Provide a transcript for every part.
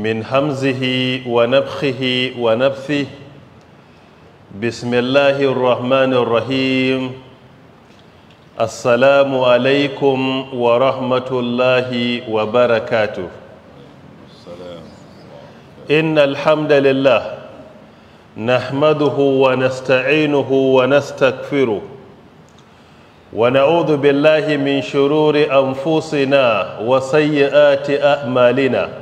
من همزه ونفخه ونفثه بسم الله الرحمن الرحيم السلام عليكم ورحمة الله وبركاته السلام. إن الحمد لله نحمده ونستعينه ونستغفره ونعوذ بالله من شرور أنفسنا وسيئات أعمالنا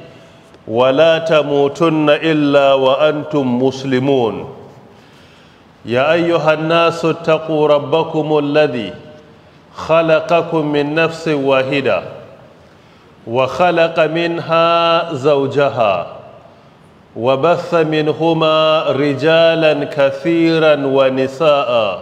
ولا تموتن الا وانتم مسلمون يا ايها الناس اتقوا ربكم الذي خلقكم من نفس واحده وخلق منها زوجها وبث منهما رجالا كثيرا ونساء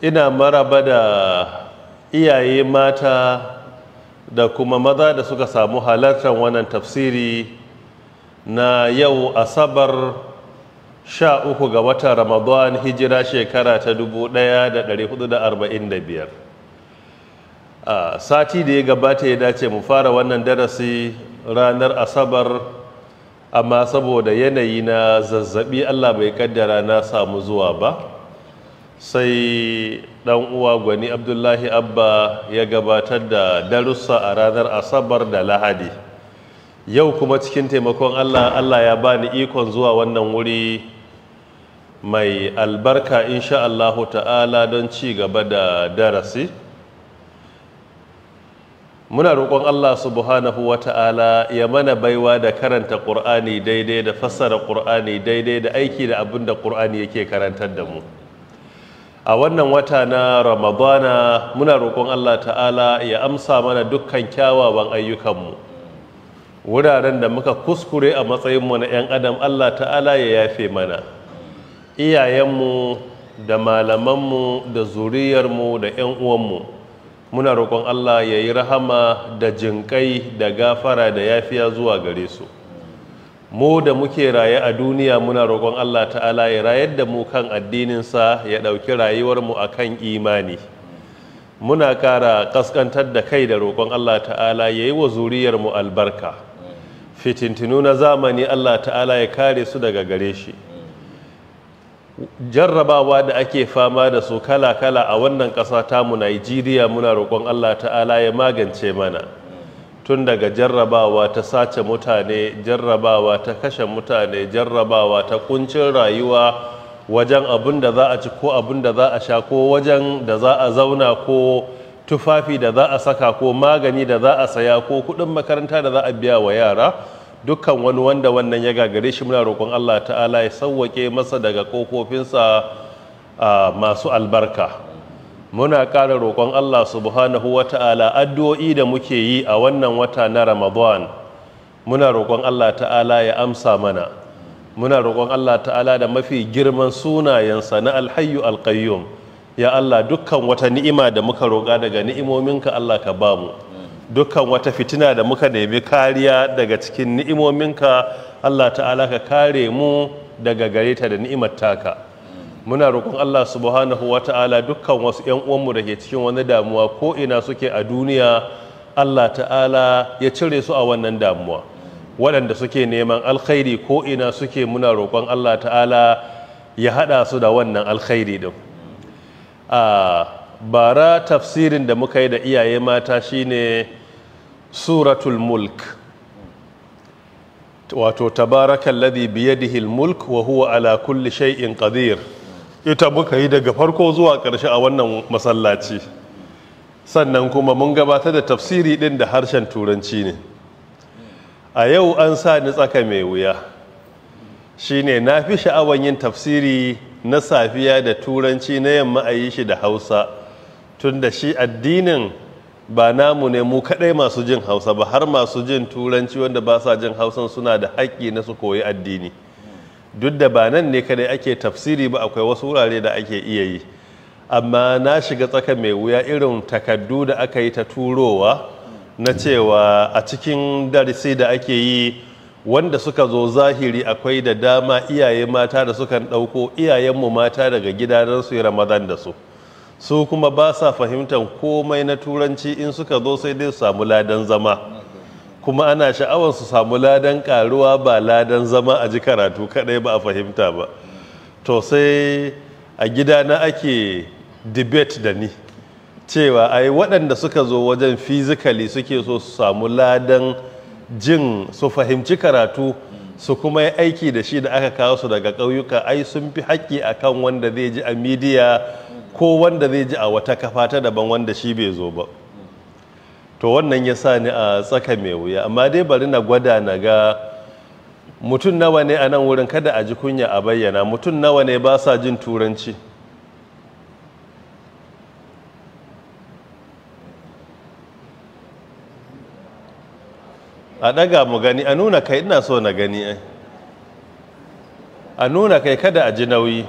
ina maraba da iyaye mata da kuma maza da suka samu halartar wannan tafsiri na yau asabar sha uku ga watan ramadan hijira shekara ta 1445 a sati da ya gabata ya dace mu fara wannan darasi ranar asabar amma saboda yanayi na zazzabi allah bai kaddara na samu zuwa ba sai dan uwa gwani abdullahi abba ya gabatar da darussa a ranar asabar da lahadi yau kuma cikin taimakon allah allah ya bani ikon zuwa wannan wuri mai albarka insha allahu ta'ala don ci gaba da darasi muna roƙon allah subhanahu wa ta'ala ya mana baiwa da karanta ƙur'ani daidai da fassara ƙur'ani daidai da aiki da abin da ƙur'ani yake karantar da mu a wannan wata na ramadana muna roƙon allah ta'ala ya amsa mana dukkan kyawawan ayyukanmu wuraren da muka kuskure a matsayinmu na 'yan adam allah ta'ala ya yafe mana iyayenmu da malamanmu da zuriyarmu da 'yan uwanmu muna roƙon allah ya yi rahama da jinƙai da gafara da yafiya zuwa gare su mu da muke raye a duniya muna roƙon Allah ta'ala ya rayar da mu kan addininsa ya ɗauki rayuwarmu a kan imani muna ƙara ƙasƙantar da kai da roƙon Allah ta'ala ya yi wa zuriyarmu albarka fitintinu na zamani Allah ta'ala ya kare su daga gare shi jarrabawa da ake fama da su kala-kala a wannan ƙasa tamu Najeriya muna roƙon Allah ta'ala ya magance mana. tun daga jarrabawa ta sace mutane jarrabawa ta kashe mutane jarrabawa ta kuncin rayuwa wajen abin da za a ci ko abin da za a sha ko wajen da za a zauna ko tufafi da za a saka ko magani da za a saya ko kudin makaranta da za a biya wa yara dukkan wani wanda wannan ya gagare shi muna roƙon Allah ta'ala ya sauwake masa daga kofofinsa masu albarka muna ƙara roƙon Allah subhanahu wa ta'ala addu'o'i da muke yi a wannan wata na Ramadan muna roƙon Allah ta'ala ya amsa mana muna roƙon Allah ta'ala da mafi girman sunayensa na alhayu alƙayyum ya Allah dukkan wata ni'ima da muka roƙa daga ni'imominka Allah ka ba mu dukkan wata fitina da muka nemi kariya daga cikin ni'imominka Allah ta'ala ka kare mu daga gare ta da ni'imar muna roƙon Allah subhanahu wa ta'ala dukkan wasu 'yan uwanmu da ke cikin wani damuwa ko ina suke a duniya Allah ta'ala ya cire su a wannan damuwa waɗanda suke neman alkhairi ko ina suke muna roƙon Allah ta'ala ya haɗa su da wannan alkhairi din a bara tafsirin da muka yi da iyaye mata shine suratul mulk wato tabarakan alladhi biyadihi al-mulk wa huwa ala kulli shay'in qadir ita muka yi daga farko zuwa ƙarshe a wannan masallaci sannan kuma mun gabatar da tafsiri ɗin da harshen turanci ne a yau an sa ni tsaka mai wuya Shi ne na fi sha'awan yin tafsiri na safiya da turanci na yamma a yi shi da hausa tun da shi addinin ba namu ne mu kaɗai masu jin hausa ba har masu jin turanci wanda ba sa jin hausan suna da haƙƙi na su koyi addini duk da ba nan ne kadai ake tafsiri ba akwai wasu wurare da ake iya yi amma na shiga tsaka mai wuya irin takaddu da aka yi ta turowa na cewa a cikin darasi da ake yi wanda suka zo zahiri akwai da dama iyaye mata da sukan ɗauko iyayenmu mata daga gidajen su yi ramadan da su su kuma ba sa fahimtar komai na turanci in suka zo sai dai samu ladan zama kuma ana sha'awar su samu ladan karuwa ba ladan zama a ji karatu kadai ba a fahimta ba to sai a gida na ake debate da ni cewa ai waɗanda suka zo wajen fizikali suke so su samu ladan jin su fahimci karatu su kuma yi aiki da shi da aka kawo su daga ƙauyuka ai sun fi haƙƙi a kan wanda zai ji a midiya ko wanda zai ji a wata kafa ta daban wanda shi bai zo ba. to wannan ya sa ni a tsaka mai wuya amma dai bari na gwada na ga mutum nawa ne a nan wurin kada a ji kunya a bayyana mutum nawa ne ba sa jin turanci a ɗaga mu gani a nuna kai ina so na gani a nuna kai kada a ji nauyi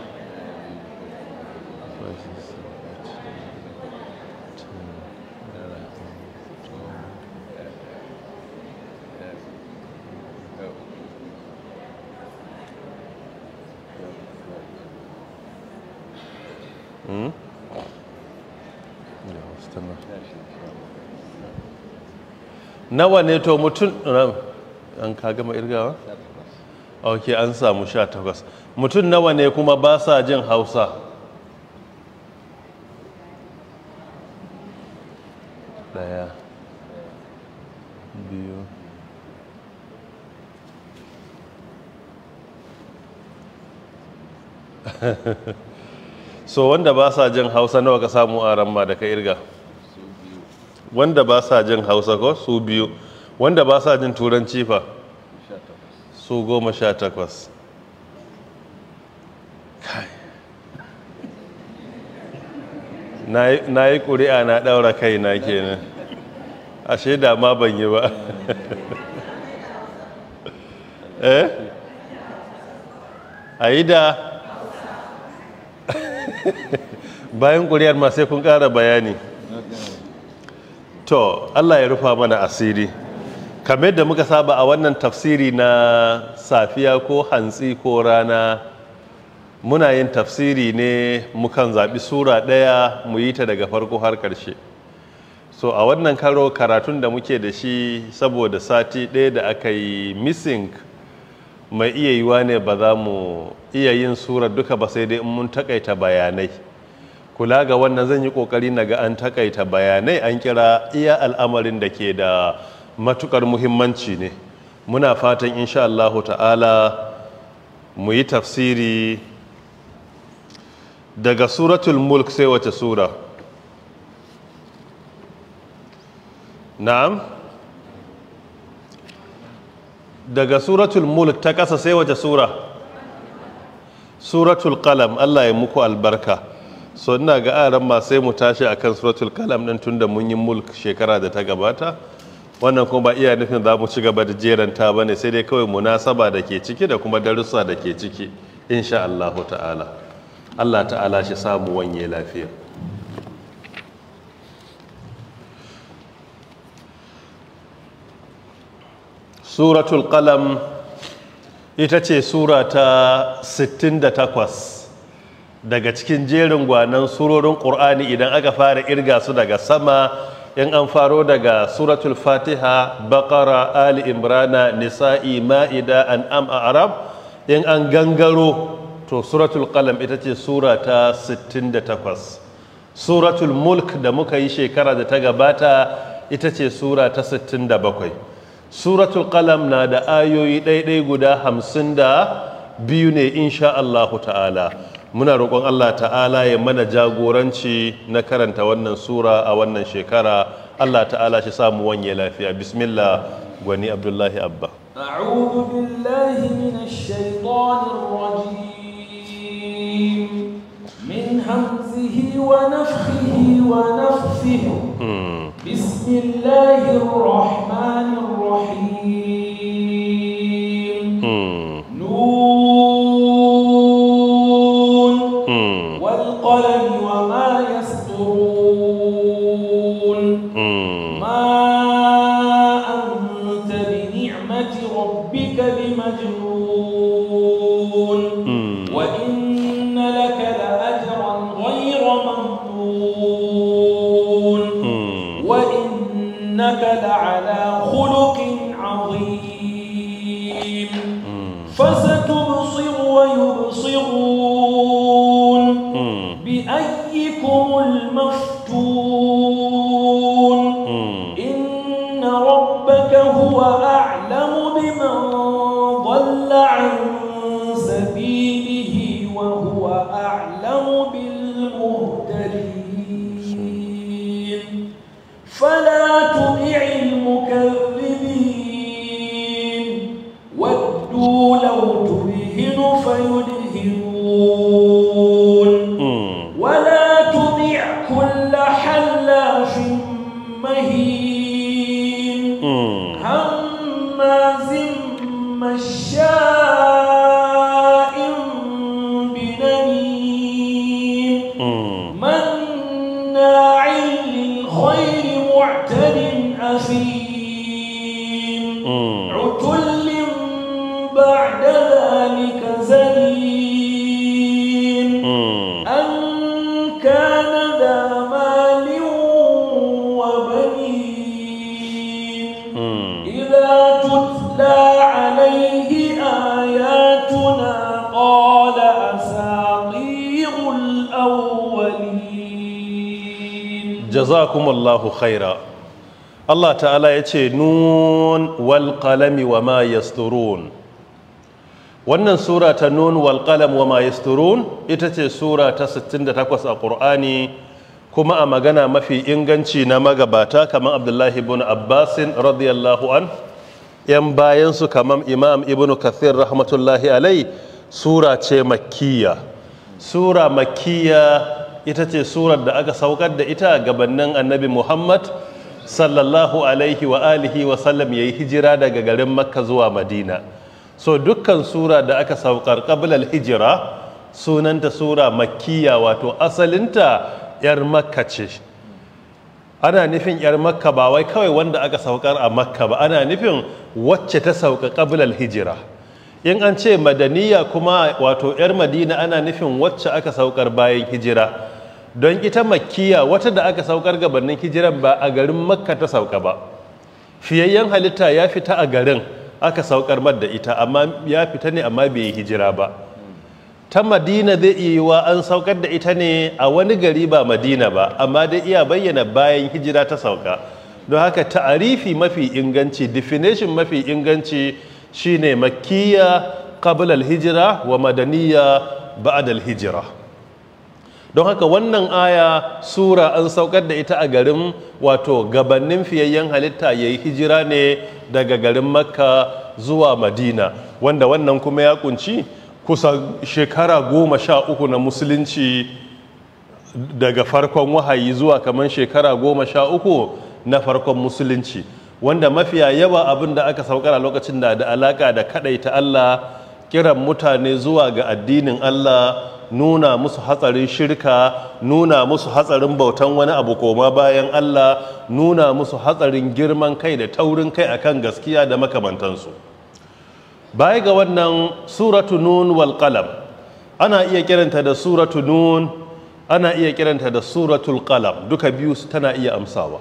nawa ne to mutum an ka gama irgawa ok an samu sha takwas mutum nawa ne kuma ba sa jin hausa daya biyu so wanda ba sa jin hausa nawa ka samu a ramma da ka irga wanda ba sa jin hausa ko su biyu wanda ba sa jin turanci fa su goma sha takwas na yi ƙuri'a na ɗaura kaina kenan ashe da ma ban yi ba eh a yi da bayan ƙuri'ar ma sai kun ƙara bayani to Allah ya rufa mana asiri kamar da muka saba a wannan tafsiri na safiya ko hantsi ko rana muna yin tafsiri ne mukan zaɓi sura ɗaya mu yi ta daga farko har ƙarshe so a wannan karo karatun da muke da shi saboda sati ɗaya da aka yi missing mai iya yiwa ne ba za mu iya yin sura duka ba sai dai in mun taƙaita bayanai kula ga wannan zan yi kokari na ga an takaita bayanai an kira iya al'amarin da ke da matukar muhimmanci ne muna fatan insha Allahu ta'ala mu yi tafsiri daga suratul mulk sai wace sura na'am daga suratul mulk ta kasa sai wace sura suratul qalam Allah ya muku albarka so ina ga aran ma sai mu tashi akan suratul kalam din da mun yi mulk shekara da ta gabata wannan kuma ba iya nufin za mu ci gaba da jeranta ba ne sai dai kawai munasaba da ke ciki da kuma darussa da ke ciki insha Allah ta'ala Allah ta'ala shi samu wanye lafiya suratul qalam ita ce sura ta 68 daga cikin jerin gwanan surorin ƙur'ani idan aka fara irga su daga sama in an faro daga suratul fatiha bakara ali imrana nisa'i ma'ida an'am a arab in an gangaro to suratul qalam ita ce sura ta 68 suratul mulk da muka yi shekara da ta gabata ita ce sura ta 67 suratul qalam na da ayoyi ɗaiɗai guda 52 ne insha Allahu ta'ala muna roƙon Allah ta'ala ya mana jagoranci na karanta wannan sura a wannan shekara Allah ta'ala shi samu wanye lafiya bismillah gwani abdullahi abba a'udhu billahi minash shaitanir rajim min hamzihi wa hmm. وأعلم Allah ta'ala ya ce nun walƙalami wa ma yasturun wannan sura ta nun walƙalami wa ma yasturun ita ce sura ta 68 a ƙur'ani kuma a magana mafi inganci na magabata kamar Abdullahi ibn Abbasin radiyallahu an yan bayansu kamar Imam Ibn Kathir rahmatullahi alai sura ce makkiya sura makkiya ita ce surar da aka saukar da ita gabanin annabi Muhammad sallallahu alaihi wa alihi wa sallam yayi hijira daga garin makka zuwa madina so dukkan sura da aka saukar qablal hijira sunanta sura Makiya wato asalinta yar makka ce ana nufin yar makka ba wai kawai wanda aka saukar a makka ba ana nufin wacce ta sauka qablal hijira in an ce madaniya kuma wato yar madina ana nufin wacce aka saukar bayan hijira don ita makkiya wata da aka saukar gabanin hijiran ba a garin makka ta sauka ba fiyayyen halitta ya fita a garin aka saukar mar ita amma ya fita ne amma bai hijira ba ta madina zai iya wa an saukar da ita ne a wani gari ba madina ba amma dai iya bayyana bayan hijira ta sauka don haka ta'arifi mafi inganci definition mafi inganci shine makkiya qabla hijira wa madaniya ba'da hijira. don haka wannan aya sura an saukar da ita a garin wato gabannin fiyayyen halitta ya yi hijira ne daga garin makka zuwa madina wanda wannan kuma ya kunci kusa shekara goma sha uku na musulunci daga farkon wahayi zuwa kamar shekara goma sha uku na farkon musulunci wanda mafiya yawa abin da aka saukar a lokacin da da alaka da kaɗai ta allah kiran mutane zuwa ga addinin allah nuna musu hatsarin shirka nuna musu hatsarin bautan wani abu koma bayan Allah nuna musu hatsarin girman kai da taurin kai akan gaskiya da makamantansu baya ga wannan suratu nun wal qalam ana iya kiranta da suratu nun ana iya kiranta da suratul qalam duka biyu tana iya amsawa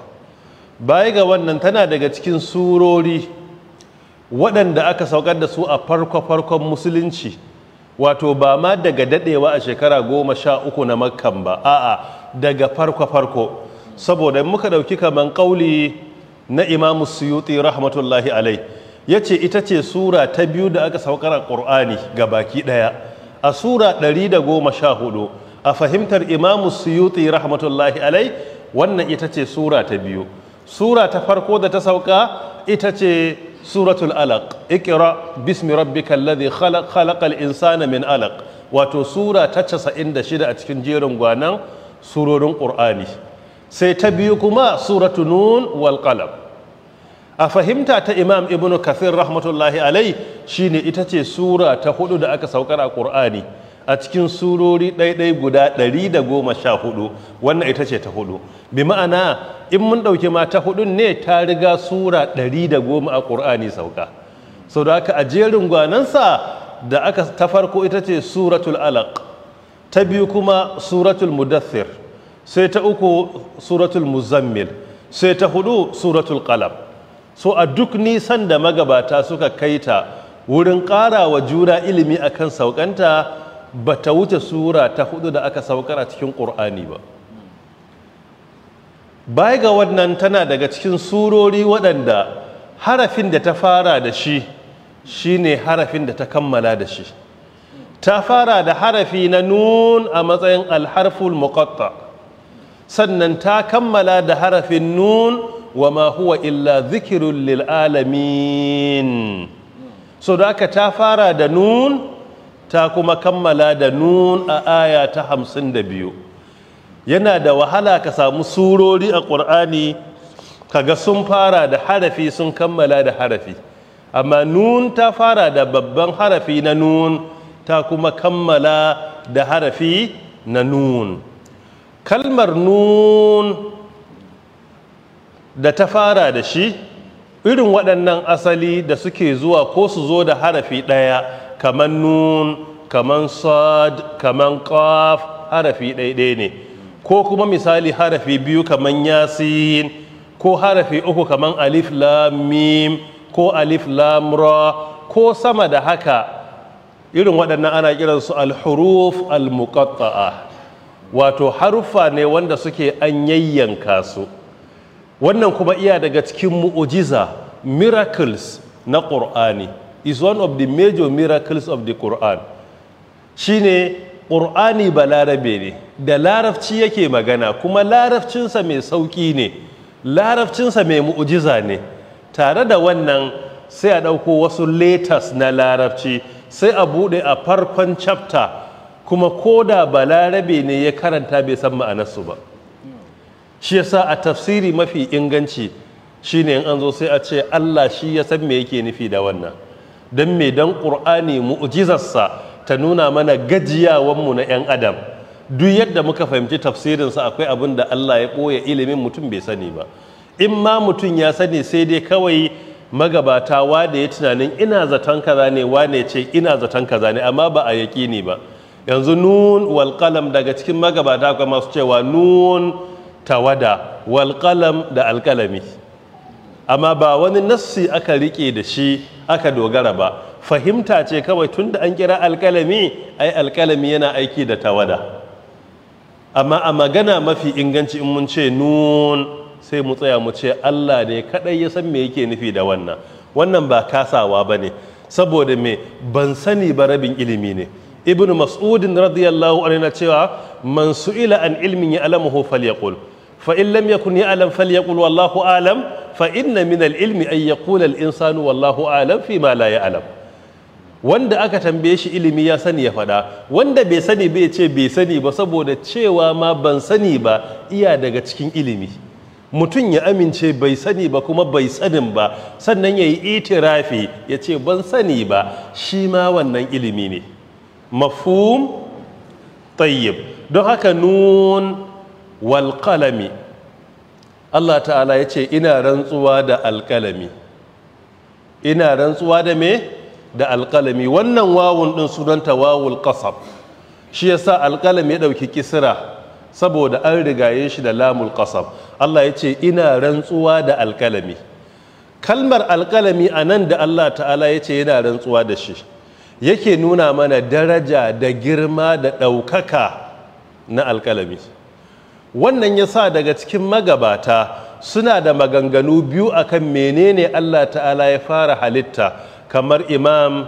baya ga wannan tana daga cikin surori waɗanda aka saukar da su a farko-farkon musulunci wato ba ma daga dadewa a shekara goma sha uku na makkan ba a'a daga farko farko saboda muka dauki kamar kauli na imamu suyuti rahmatullahi alai ya ce ita ce sura ta biyu da aka saukar a ƙur'ani ga baki ɗaya a sura 114 a fahimtar imamu suyuti rahmatullahi alai wannan ita ce sura ta biyu sura ta farko da ta sauka ita ce suratul alaq ikira bismi rabbikal ladhi khalaq khalaqal insana min alaq wato sura ta shida a cikin jerin gwanan surorin qur'ani sai ta biyu kuma suratu nun wal a fahimta ta imam ibn kathir rahmatullahi alai shine ita ce sura ta huɗu da aka saukar a qur'ani a cikin surori ɗaiɗai guda ɗari da goma sha hudu wannan ita ce ta hudu bi ma'ana in mun ɗauki ma ta hudun ne ta riga sura ɗari da goma a ƙur'ani sauka sau da aka a jerin gwanansa da aka ta farko ita ce suratul alaq ta biyu kuma suratul mudathir sai ta uku suratul muzammil sai ta hudu suratul qalam so a duk nisan da magabata suka kaita wurin ƙara wa juna ilimi akan saukanta ba ta wuce sura ta hudu da aka saukar a cikin ƙur'ani ba baya ga wannan tana daga cikin surori waɗanda harafin da ta fara da shi shine harafin da ta kammala da shi ta fara da harafi na nun a matsayin alharful muqatta sannan ta kammala da harafin nun wa ma huwa illa zikirun lil'alamin. so da aka ta fara da nun ta kuma kammala da nun a aya ta hamsin da biyu yana da wahala ka samu surori a ƙur'ani kaga sun fara da harafi sun kammala da harafi amma nun ta fara da babban harafi na nun ta kuma kammala da harafi na nun kalmar nun da ta fara da shi irin waɗannan asali da suke zuwa ko su zo da harafi ɗaya kaman nun kaman sad kaman qaf harafi ɗaiɗai ne ko kuma misali harafi biyu kaman yasin ko harafi uku kaman alif lam ko alif lam ko sama da haka irin waɗannan ana kiransu alhuruf huruf wato haruffa ne wanda suke an yayyanka su wannan kuma iya daga cikin mu'ujiza miracles na ƙur'ani is one of the major miracles of the Quran shine Qur'ani ba larabe ne da larabci yake magana kuma larabcinsa mai sauƙi ne larabcinsa mai mu'ujiza ne tare da wannan sai a ɗauko wasu letters na larabci sai a buɗe a farkon chapter kuma koda ba larabe ne ya karanta bai san ma'anarsu ba shi yasa a tafsiri mafi inganci shine in an zo sai a ce Allah shi ya san me yake nufi da wannan don me don ƙur'ani mu'jizarsa ta nuna mana gajiyawanmu na 'yan adam duk yadda muka fahimci tafsirinsa akwai abin da Allah ya ɓoye ilimin mutum bai sani ba in ma mutum ya sani sai dai kawai magabata wada ya tunanin ina zaton kaza ne wane ce ina zaton kaza ne amma ba a yaƙini ba yanzu nun walƙalam daga cikin magabata akwai masu cewa nun tawada walƙalam da alƙalami amma ba wani nassi aka rike da shi aka dogara ba fahimta ce kawai tunda an kira alkalami ai alkalami yana aiki da tawada amma a magana mafi inganci in mun ce nun sai mu tsaya mu ce Allah ne kadai ya san me yake nufi da wannan wannan ba kasawa ba ne, saboda me ban sani ba rabin ilimi ne ibnu mas'udin radiyallahu anhu na cewa man su'ila an ilmin ya alamahu falyaqul fa in lam yakun ya'lam falyaqul wallahu alam fa inna min al-ilmi an yaqula al-insanu wallahu alam fi ma la alam. wanda aka tambaye shi ilimi ya sani ya faɗa wanda bai sani bai ce bai sani ba saboda cewa ma ban sani ba iya daga cikin ilimi mutum ya amince bai sani ba kuma bai sanin ba sannan ya yi itirafi ya ce ban sani ba shi ma wannan ilimi ne mafhum tayyib don haka nun Walƙalami. Allah ta'ala ya ce ina rantsuwa da alkalami ina rantsuwa da me da alkalami wannan wawun ɗin sunanta wawul ƙasaf shi yasa alkalami ya ɗauki kisira saboda an rigaye shi da lamul qasab Allah ya ce ina rantsuwa da alkalami kalmar alkalami a nan da Allah ta'ala ya ce yana rantsuwa da shi yake nuna mana daraja da girma da ɗaukaka na alkalami wannan ya sa daga cikin magabata suna da maganganu biyu akan menene Allah ta'ala ya fara halitta kamar imam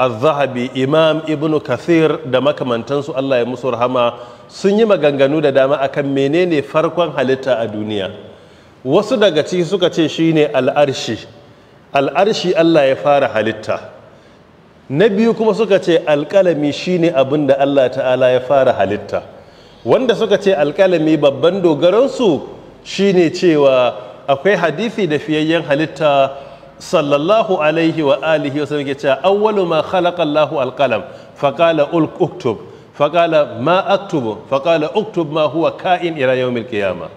al-zahabi imam ibn kathir da makamantansu Allah ya musu rahama sun yi maganganu da dama akan menene farkon halitta a duniya wasu daga ciki suka ce shi ne al'arshi al'arshi Allah ya fara halitta na biyu kuma suka ce alƙalami ne abin da Allah ta'ala ya fara halitta wanda suka ce alƙalami babban dogaransu shine cewa akwai hadisi da fiyayyen halitta sallallahu alaihi wa alihi wasallam ke cewa awwalu ma khalaqa Allahu alqalam faqala uktub faqala ma aktubu faqala uktub ma huwa ka'in ila yawmil qiyamah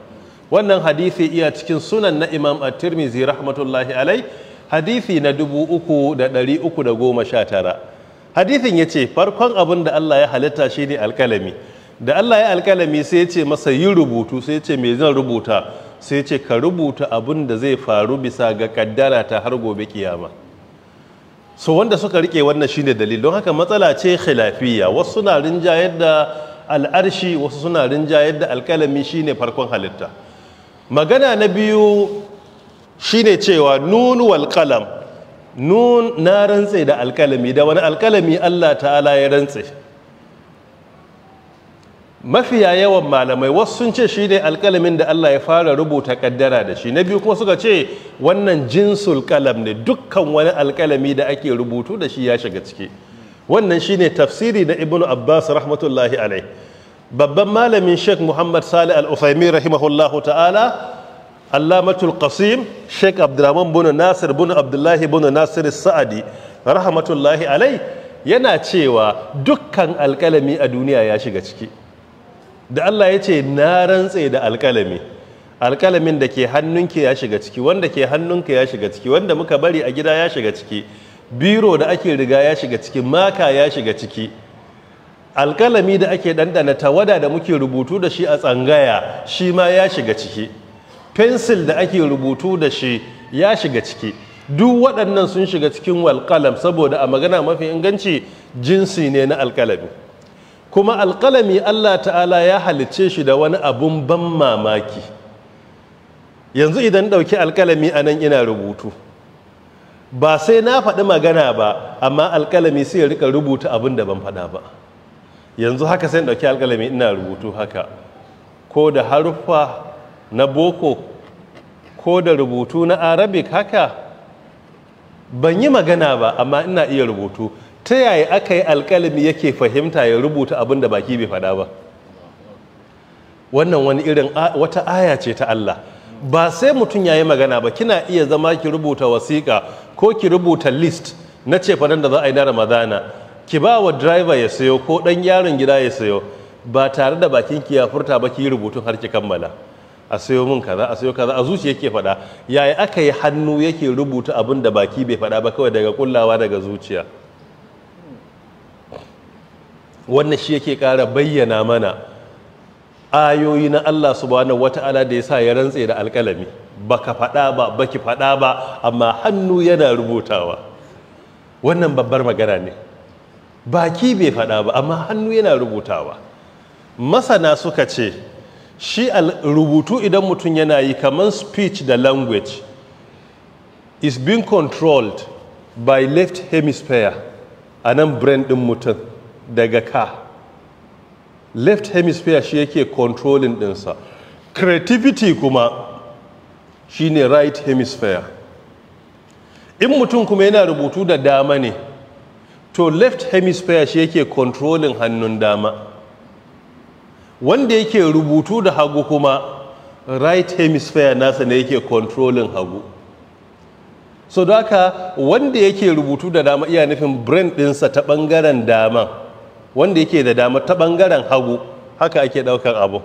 wannan hadisi iya cikin sunan na Imam At-Tirmidhi rahmatullahi alai hadisi na 3319 hadisin yace farkon abin da Allah ya halitta shine alkalami da Allah ya alkalami sai ya ce masa yi rubutu sai ya ce me zan rubuta sai ya ce ka rubuta abin da zai faru bisa ga kaddara ta har gobe kiyama so wanda suka rike wannan shine dalil don haka matsala ce khilafiyya wasu suna rinjayar da al'arshi wasu suna rinjayar da alkalami shine farkon halitta magana na biyu shine cewa nun wal qalam nun na rantse da alkalami da wani alkalami Allah ta'ala ya rantse mafiya yawan malamai wasu sun ce shine alkalamin da Allah ya fara rubuta kaddara da shi na biyu kuma suka ce wannan jinsul kalam ne dukkan wani alkalami da ake rubutu da shi ya shiga ciki wannan shine tafsiri na ibnu abbas rahmatullahi alai babban malamin sheikh muhammad salih al-ufaimi rahimahullahu ta'ala allamatul qasim sheikh abdurrahman bin nasir bin abdullahi bin nasir sa'adi rahmatullahi alai yana cewa dukkan alkalami a duniya ya shiga ciki da Allah ya ce na rantse da alkalami. Alkalamin da ke hannunki ya shiga ciki wanda ke hannunka ya shiga ciki wanda muka bari a gida ya shiga ciki biro da ake riga ya shiga ciki maka ya shiga ciki Alkalami da ake ɗanɗana tawada da muke rubutu da shi a tsangaya shi ma ya shiga ciki fensil da ake rubutu da shi ya shiga ciki duk waɗannan sun shiga cikin walƙalam saboda a magana mafi inganci jinsi ne na alkalami. kuma alƙalami Allah ta'ala ya halicce shi da wani abun ban mamaki yanzu idan ɗauki alƙalami a nan ina rubutu ba sai na faɗi magana ba amma alƙalami sai ya rika rubuta abin da ban faɗa ba yanzu haka sai ɗauki alƙalami ina rubutu haka ko da haruffa na boko ko da rubutu na arabic haka ban yi magana ba amma ina iya rubutu ta yaya aka yi alkalami yake fahimta ya rubuta abin da baki bai faɗa ba wannan wani irin wata aya ce ta Allah ba sai mutum ya yi magana ba kina iya zama ki rubuta wasiƙa ko ki rubuta list na ce fadan da za a yi na ramadana ki ba wa driver ya sayo ko ɗan yaron gida ya sayo ba tare da bakin ki ya furta ba ki rubutu har ki kammala a sayo min kaza a sayo kaza a zuciya yake faɗa yaya aka yi hannu yake rubuta abin da baki bai faɗa ba kawai daga kullawa daga zuciya wannan shi yake ƙara bayyana mana ayoyi na Allah subhanahu wata'ala da ya sa ya rantse da alƙalami baka faɗa ba baki faɗa ba amma hannu yana rubutawa wannan babbar magana ne baki bai faɗa ba amma hannu yana rubutawa masana suka ce shi rubutu idan mutum yana yi kamar speech da language is being controlled by left hemisphere Anan nan brain ɗin mutum daga ka left hemisphere shi yake controlling dinsa, creativity kuma shine right hemisphere in mutum kuma yana rubutu da dama ne to left hemisphere shi yake controlling hannun dama wanda yake rubutu da hagu kuma right hemisphere nasa ne yake controlling hagu so da haka wanda yake rubutu da dama iya nufin brain dinsa ta bangaren dama wanda yake da dama ta ɓangaren hagu haka ake daukar abu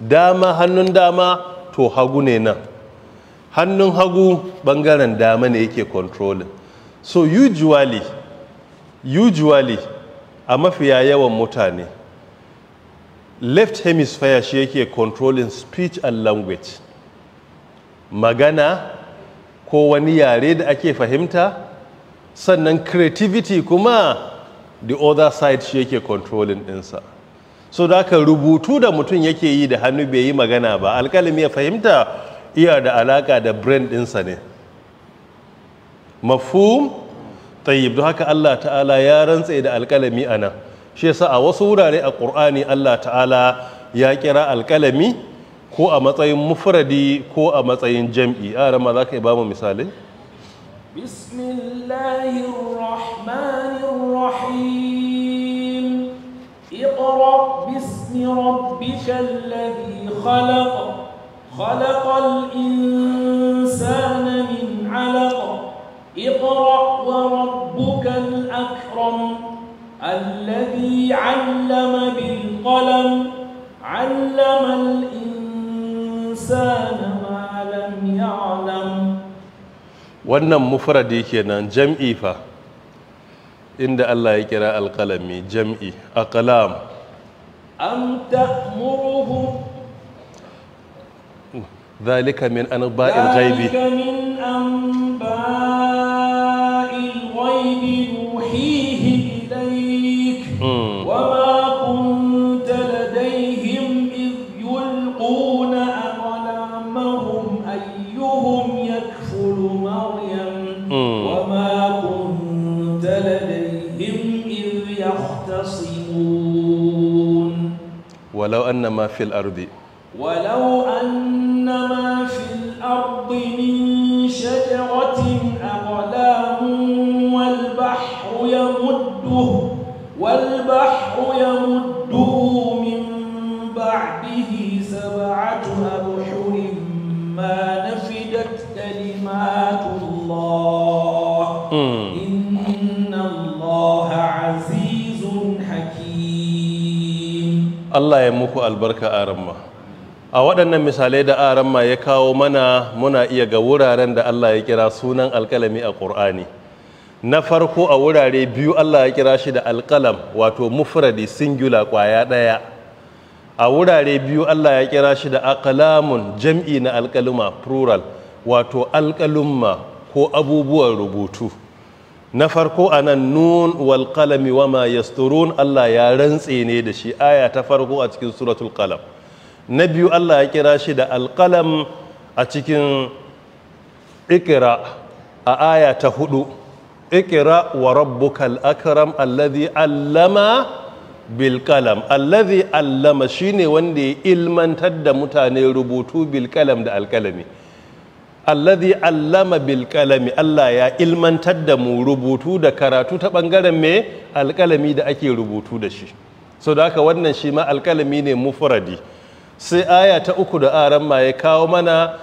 dama hannun dama to hagu ne nan hannun hagu ɓangaren dama ne yake controlling so usually usually a mafiya yawan mutane left hemisphere shi yake controlling speech and language magana ko wani yare da ake fahimta sannan creativity kuma the other side shi yake controlling dinsa. so da aka rubutu da mutum yake yi da hannu bai yi magana ba Alkalami ya fahimta iya da alaƙa da brain dinsa ne mafhum tayyib don haka Allah ta'ala ya rantse da alkalami a nan shi yasa a wasu wurare a ƙur'ani Allah ta'ala ya kira alkalami ko a matsayin mufradi ko a matsayin jam'i a rama za ka ba mu misali. بسم الله الرحمن الرحيم اقرأ باسم ربك الذي خلق خلق الإنسان من علق اقرأ وربك الأكرم الذي علم بالقلم علم الإنسان ما لم يعلم wannan mufradi kenan jam'i fa inda Allah ya kira alƙalami jam'i aqlam am ta'muruhum ذلك من أنباء الغيب ذلك من أنباء الغيب نوحيه إليك وما ولو أن ما في الأرض ولو أن ما في الأرض من شجرة أقلام والبحر يمده والبحر يمده من بعده سبعة أبواب Allah ya muku albarka a ramma a waɗannan misalai da aramma ya kawo mana muna iya ga wuraren da Allah ya kira sunan alƙalami a ƙur'ani na farko a wurare biyu Allah ya kira shi da alƙalam wato mufradi singular ƙwaya ɗaya a wurare biyu Allah ya kira shi da aqlamun jam'i na alƙaluma plural wato alƙalumma ko abubuwan rubutu na farko a nan nun wal wa wama yasturun Allah ya rantse ne da shi aya ta farko a cikin suratul qalam na biyu Allah ya kira shi da alqalam a cikin ikira a aya ta hudu ikira wa rabbukal akram alladhi allama bil qalam alladhi allama shine wanda ya ilmantar da mutane rubutu bil qalam da alkalami alladhi allama bil kalami Allah ya ilmantar da mu rubutu da karatu ta bangaren me alkalami da ake rubutu da shi so da haka wannan shi ma alkalami ne mufradi sai aya ta uku da aran ma ya kawo mana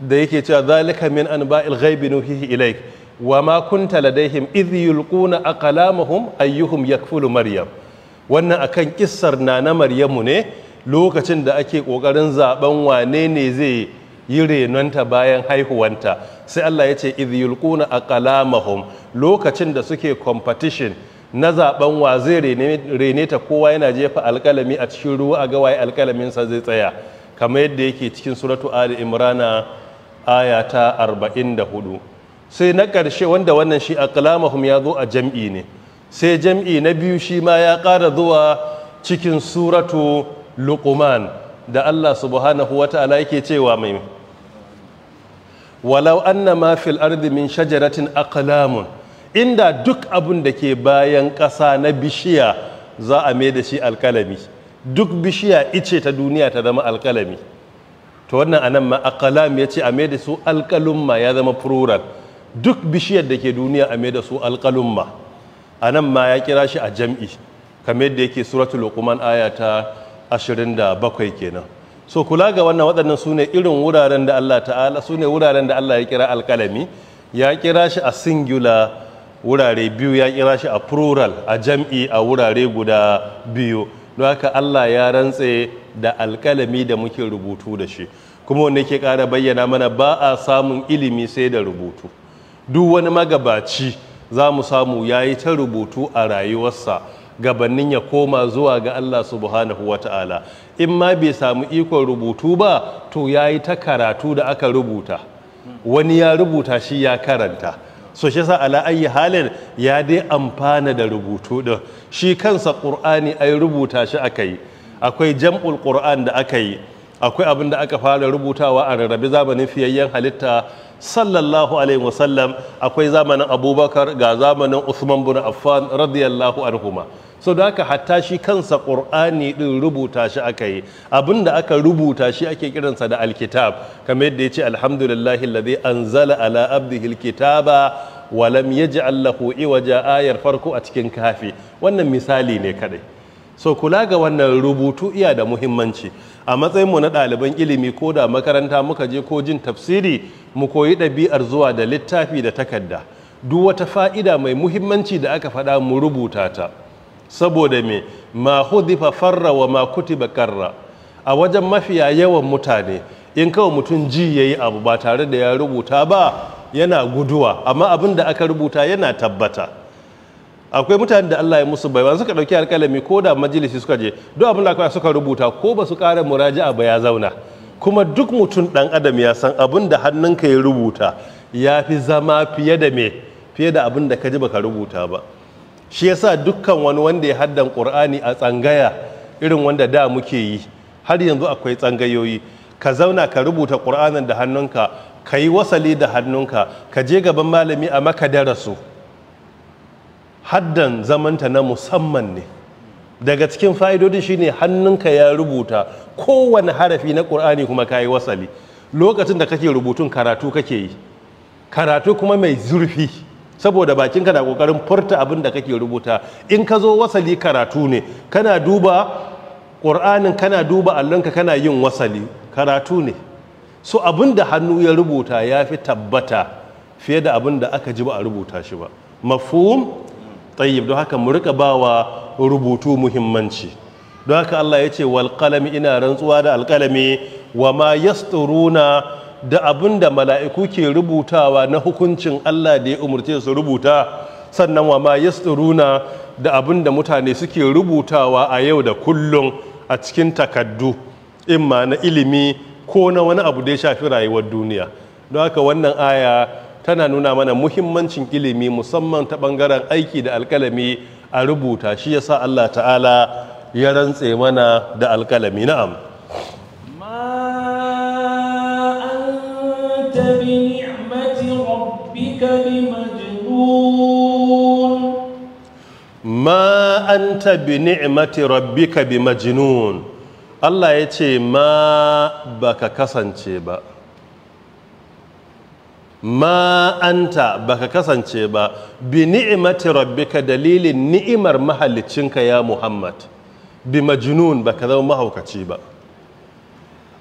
da yake cewa zalika min anba'il ghaibi nuhihi ilaik wa ma kunta ladaihim idh yulquna aqlamahum ayyuhum yakfulu maryam wannan akan kissar nana na maryamu ne lokacin da ake kokarin zaben wane ne zai yi renonta bayan haihuwanta sai Allah ya ce idh yulquna aqlamahum lokacin da suke competition na zaben wa zai rene ta kowa yana jefa alkalami a cikin ruwa a gawaye alkalamin sa zai tsaya kamar yadda yake cikin suratu ali imrana aya ta 44 sai na ƙarshe wanda wannan shi aqlamahum ya zo a jam'i ne sai jam'i na biyu shi ma ya ƙara zuwa cikin suratu luqman da Allah subhanahu wa ta'ala yake cewa mai walau anna ma fil ardi min shajaratin aqlamun inda duk abun da ke bayan ƙasa na bishiya za a mai da shi alkalami duk bishiya ice ta duniya ta zama alkalami to wannan anan ma aqlam ya ce a mai da su alkalumma ya zama plural duk bishiyar da ke duniya a mai da su alkalumma anan ma ya kira shi a jam'i kamar yadda yake suratul luqman aya ta 27 kenan so kula ga wannan waɗannan su ne irin wuraren da Allah ta'ala su ne wuraren da Allah ya kira alƙalami ya kira shi a singular wurare biyu ya kira shi a plural a jam'i a wurare guda biyu don haka Allah ya rantse da alƙalami da muke rubutu da shi kuma wanda ke ƙara bayyana mana ba a samun ilimi sai da rubutu duk wani magabaci za mu samu ya yi ta rubutu a rayuwarsa gabanin ya koma zuwa ga Allah subhanahu ta'ala. in ma bai samu ikon rubutu ba to ya yi ta karatu da aka rubuta wani ya rubuta shi ya karanta so shi sa ala ayi halin ya dai amfana da rubutu din shi kansa ƙur'ani ai rubuta shi aka yi akwai jam'ul qur'an da aka yi akwai abin da aka fara rubutawa a rarrabe zamanin fiyayyen halitta sallallahu alaihi wasallam akwai zamanin abubakar ga zamanin usman bin affan radiyallahu anhuma so da aka hatta shi kansa ƙur'ani ɗin rubuta shi aka yi abin da aka rubuta shi ake kiransa da alkitab kamar yadda ya ce alhamdulillahi an anzala ala abduhilkitaba, kitaba walam ya ji allahu iwaja ayar farko a cikin kafi wannan misali ne kadai so kula ga wannan rubutu iya da muhimmanci a matsayin mu na ɗaliban ilimi ko da makaranta muka je ko jin tafsiri mu koyi ɗabi'ar zuwa da littafi da takarda duk wata fa'ida mai muhimmanci da aka faɗa mu rubuta ta saboda me ma hudifa farra wa ma kutiba karra a wajen mafiya yawan mutane in kawai mutum ji yayi abu ba tare da ya rubuta ba yana guduwa amma abin da aka rubuta yana tabbata akwai mutane da Allah ya musu baiwa suka dauki alkalami ko da majalisi suka je duk abin da aka suka rubuta ko ba su ƙara muraji'a ba ya zauna kuma duk mutum dan adam ya san abin da hannunka ya rubuta ya fi zama fiye da me fiye da abin da ka ji baka rubuta ba shi ya sa dukkan wani wanda ya haddan Kur'ani a tsangaya irin wanda da muke yi har yanzu akwai tsangayoyi ka zauna ka rubuta ƙur'anin da hannunka ka yi wasali da hannunka ka je gaban malami a maka darasu haddan zamanta na musamman ne daga cikin fa'idodin shine hannunka ya rubuta kowane harafi na ƙur'ani kuma ka yi wasali lokacin da kake rubutun karatu kake yi karatu kuma mai zurfi saboda bakin ka na kokarin furta abin da kake rubuta in ka zo wasali karatu ne kana duba ƙur'anin kana duba allonka kana yin wasali karatu ne so abin da hannu ya rubuta ya fi tabbata fiye da abin da aka ji ba a rubuta shi ba mafhum tsayyib don haka mu rika bawa rubutu muhimmanci don haka Allah ya ce walƙalami ina rantsuwa da alƙalami wa ma yasturuna da abin da mala'iku ke rubutawa na hukuncin Allah da ya umarce su rubuta sannan wa ma ya yasturuna da abin da mutane suke rubutawa a yau da kullum a cikin takaddu imma na ilimi ko na wani abu da ya shafi rayuwar duniya don haka wannan aya tana nuna mana muhimmancin ilimi musamman ta ɓangaren aiki da alkalami a rubuta shi yasa Allah ta'ala ya rantse mana da alkalami na'am Ma'anta بمجنون ما أنت بنعمة ربك بمجنون الله يتي ما بك كسنتي با ma baka kasance ba bi ni'imati ka dalilin ni'imar mahallicinka ya muhammad bi ba baka zama mahaukaci ba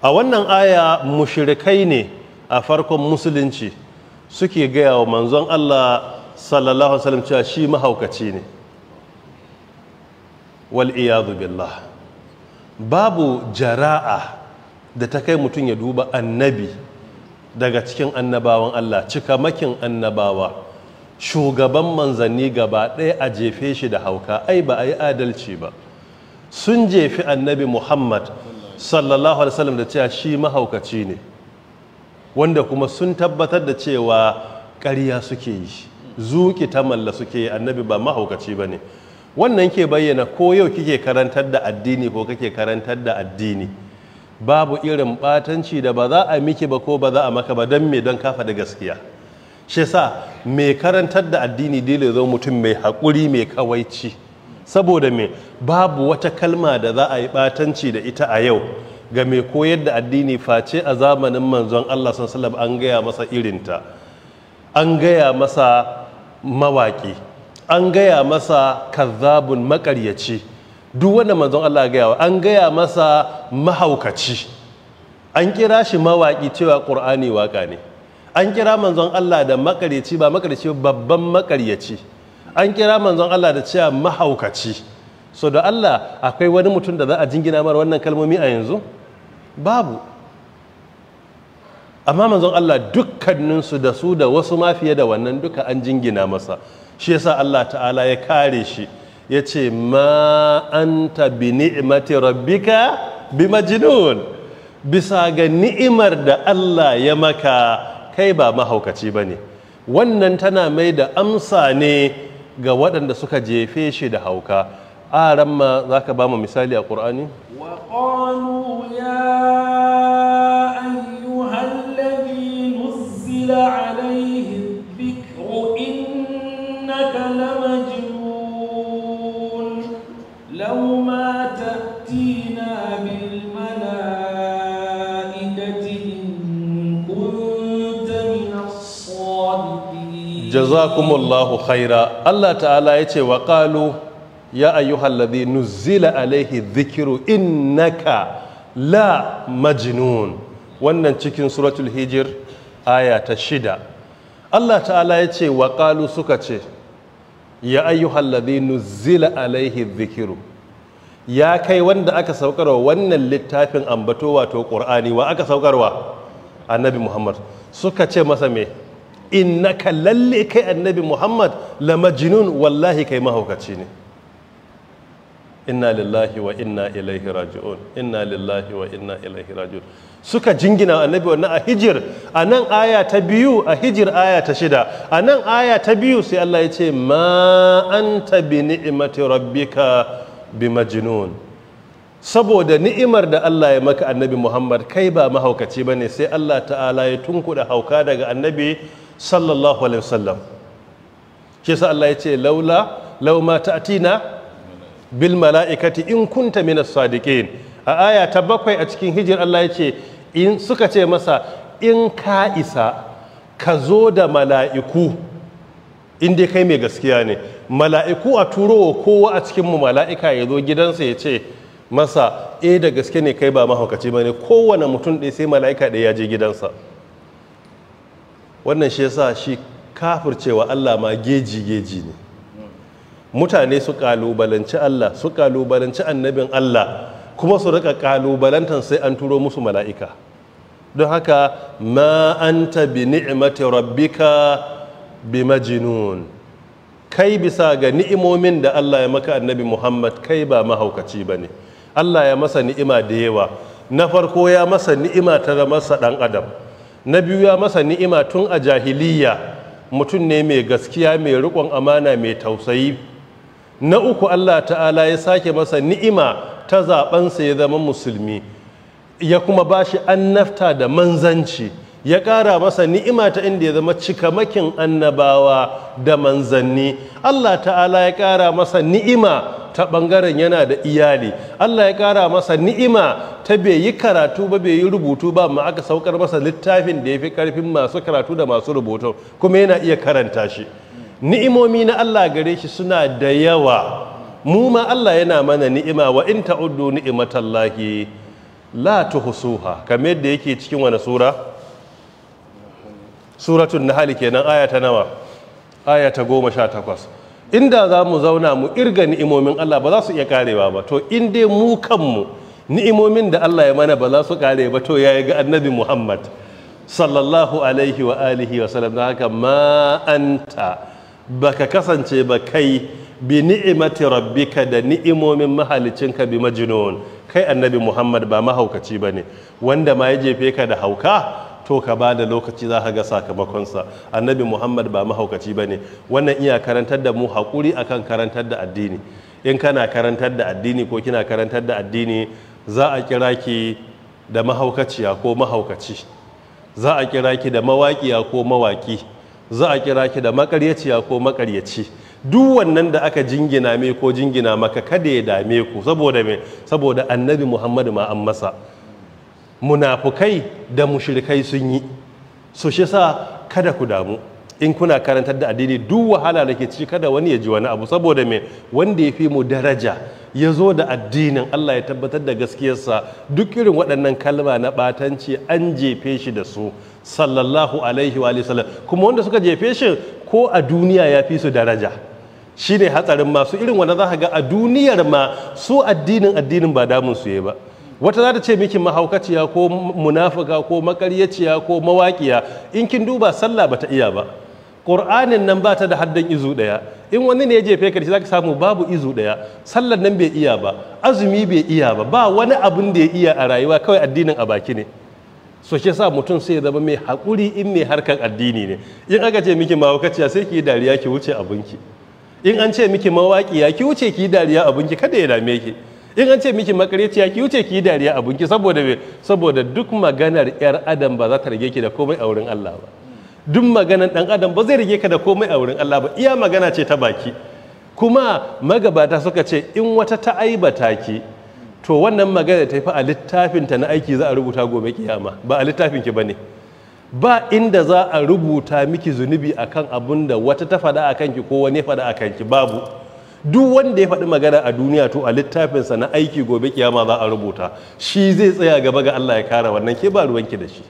a wannan aya mushirikai ne a farkon musulunci suke gaya wa manzon Allah sallallahu alaihi cewa shi mahaukaci ne wal billah babu jara'a da ta kai mutum ya duba annabi daga cikin annabawan Allah cika makin annabawa shugaban manzanni gaba ɗaya a jefe shi da hauka ai ba a yi adalci ba sun jefi annabi muhammad sallallahu alaihi da cewa shi mahaukaci ne wanda kuma sun tabbatar da cewa ƙarya suke yi zuki ta malla suke yi annabi ba mahaukaci ba ne wannan ke bayyana ko yau kike karantar da addini ko kake karantar da addini babu irin batanci da ba za a miki ba ko ba za a maka ba don me don kafa da gaskiya shi sa mai karantar da addini dole zo mutum mai haƙuri mai kawaici saboda me babu wata kalma da za a yi batanci da ita a yau ga mai koyar da addini face a zamanin manzon Allah sallallahu an gaya masa irinta an gaya masa mawaki an gaya masa kazzabun makaryaci duk wanda manzon Allah gaya an gaya masa mahaukaci an kira shi mawaki cewa ƙur'ani waka ne an kira manzon Allah da makaryaci ba makaryaci babban makaryaci an kira manzon Allah da cewa mahaukaci so da Allah akwai wani mutum da za a jingina mara wannan kalmomi a yanzu babu amma manzon Allah dukkaninsu da su da wasu ma fiye da wannan duka an jingina masa shi yasa Allah ta'ala ya kare shi ya ce ma an tabi ni'imati rabbika bi majinun bisa ga ni'imar da Allah ya maka kai ba mahaukaci ba ne. wannan tana mai da amsa ne ga waɗanda suka jefe shi da hauka aran ma za ka ba misali a ƙur'ani? wa ƙonu ya ayyuhallabi nuzila alaihi na innaka lamajnun law ma ta'tina bil malaikati in kunta min as-sadiqin jazakumullahu khaira Allah ta'ala yace wa qalu ya ayyuhal ladhi nuzila alaihi in innaka la majnun wannan cikin suratul hijir aya ta shida Allah ta'ala ya ce wa ƙalu suka ce ya ayyuhal ladhi nuzila alaihi zikiru. ya kai wanda aka saukarwa wannan littafin ambato wato ƙur'ani wa aka saukarwa annabi muhammad suka ce masa me innaka lalle kai annabi muhammad la majnun wallahi kai mahaukaci ne inna lillahi wa inna ilaihi raji'un inna lillahi wa inna ilaihi raji'un suka jingina annabi wannan a hijir a nan aya ta biyu a hijir aya ta shida a nan aya ta biyu sai Allah ya ce ma anta bi ni'imati rabbika bi majnun saboda ni'imar da Allah ya maka annabi Muhammad kai ba mahaukaci bane sai Allah ta'ala ya tunkuda hauka daga annabi sallallahu alaihi wasallam shi sa Allah ya ce laula lauma ta'tina bil mala'ikati in kunta minas sadiqin a aya ta bakwai a cikin hijir Allah ya ce in suka ce masa in ka isa ka zo da mala'iku in dai kai mai gaskiya ne mala'iku a turowa kowa a cikinmu mala'ika ya zo gidansa ya ce masa e da gaske ne kai ba mahaukaci ba ne kowane mutum ɗaya sai mala'ika ɗaya ya je gidansa wannan shi yasa shi kafircewa Allah ma geji geji ne mutane su kalubalanci Allah su kalubalanci annabin Allah kuma su rika kalubalantan sai an turo musu mala'ika don haka ma an tabi ni’imata rabbika bi majinun kai bisa ga ni'imomin da Allah ya maka annabi Muhammad kai ba mahaukaci ba ne. Allah ya masa ni'ima da yawa na farko ya masa ni'ima ta masa ɗan adam na biyu ya masa ni'ima tun a jahiliya mutum ne mai gaskiya mai riƙon amana mai tausayi na uku Allah ta'ala ya sake masa ni'ima ta zaɓensa ya zama musulmi ya kuma ba shi annafta da manzanci ya ƙara masa ni'ima ta inda ya zama cikamakin annabawa da manzanni Allah ta'ala ya ƙara masa ni'ima ta ɓangaren yana da iyali Allah ya ƙara masa ni'ima ta bai yi karatu ba bai yi rubutu ba amma aka saukar masa littafin da ya fi ƙarfin masu karatu da masu rubutu kuma yana iya karanta shi ni'imomi na Allah gare shi suna da yawa mu ma Allah yana mana ni'ima wa in ta'uddu ni'matallahi la tuhsuha kamar yadda yake cikin wani sura suratul nahl kenan aya ta nawa aya ta 18 inda za mu zauna mu irga ni'imomin Allah ba za su iya karewa ba to in dai mu kanmu ni'imomin da Allah ya mana ba za su kare ba to yayi ga annabi Muhammad sallallahu alaihi wa alihi wa sallam haka ma anta baka kasance ba kai bi ni'imati rabbika da ni'imomin mahalicinka bi majnun kai annabi muhammad ba mahaukaci ba ne wanda ma ya jefe ka da hauka to ka ba da lokaci za ka ga sakamakonsa annabi muhammad ba mahaukaci ba ne wannan iya karantar da mu haƙuri akan karantar da addini in kana karantar da addini ko kina karantar da addini za a kira ki da mahaukaciya ko mahaukaci za a kira ki da mawaƙiya ko mawaƙi za a kira ki da makaryaciya ko makaryaci duk wannan da aka jingina mai ko jingina maka kada ya dame ku saboda me saboda annabi muhammadu ma an masa munafukai da mushrikai sun yi so shi sa kada ku damu in kuna karantar da addini duk wahala da ke ciki kada wani ya ji wani abu saboda me wanda ya fi mu daraja ya zo da addinin Allah ya tabbatar da gaskiyarsa duk irin waɗannan kalma na ɓatanci an jefe shi da su sallallahu alaihi wa sallam kuma wanda suka jefe shi ko a duniya ya fi su daraja shi ne hatsarin masu irin wanda za ga a duniyar ma su addinin addinin ba damun su ba wata za ta ce miki mahaukaciya ko munafuka ko makaryaciya ko mawaƙiya in kin duba sallah ta iya ba ƙur'anin nan ba ta da haddan izu daya. in wani ne ya jefe karshe za ka samu babu izu daya. sallar nan bai iya ba azumi bai iya ba ba wani abin da ya iya a rayuwa kawai addinin a baki ne so shi sa mutum sai zama mai haƙuri in mai harkar addini ne in aka ce miki mawakaciya sai ki dariya ki wuce abinki in an ce miki mawaƙiya ki wuce ki dariya abinki kada ya dame ki in an ce miki makareciya ki wuce ki dariya abinki saboda me saboda duk maganar yar adam ba za ta rage ki da komai a wurin Allah ba duk maganar dan adam ba zai rage ka da komai a wurin Allah ba iya magana ce ta baki kuma magabata suka ce in wata ta aibata ki to wannan magana ta fi a littafin ta na aiki za a rubuta gobe kiyama ba a littafin ki ba ne ba inda za a rubuta miki zunubi akan abun da wata ta faɗa a kanki ko wani faɗa a kanki babu duk wanda ya faɗi magana a duniya to a littafin sa na aiki gobe kiyama za a rubuta shi zai tsaya gaba ga Allah ya kara wannan ke ba ruwanki da shi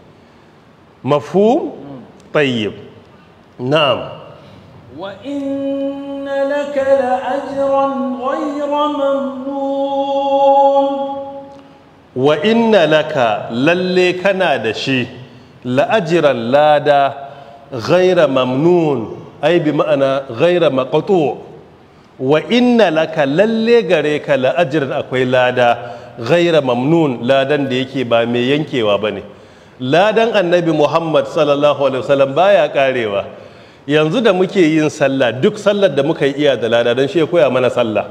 mafhum tayyib na'am وإن لك لأجرا غير ممنون وإن لك للي كان دشي لأجرا لادا غير ممنون أي بمعنى غير مقطوع وإن لك للي غريك لأجرا أكوي لادا غير ممنون لادا ديكي بامي ينكي وابني ladan annabi muhammad sallallahu alaihi wasallam baya karewa yanzu da muke yin sallah duk sallar da muka yi iya da lada don shi ya koya mana sallah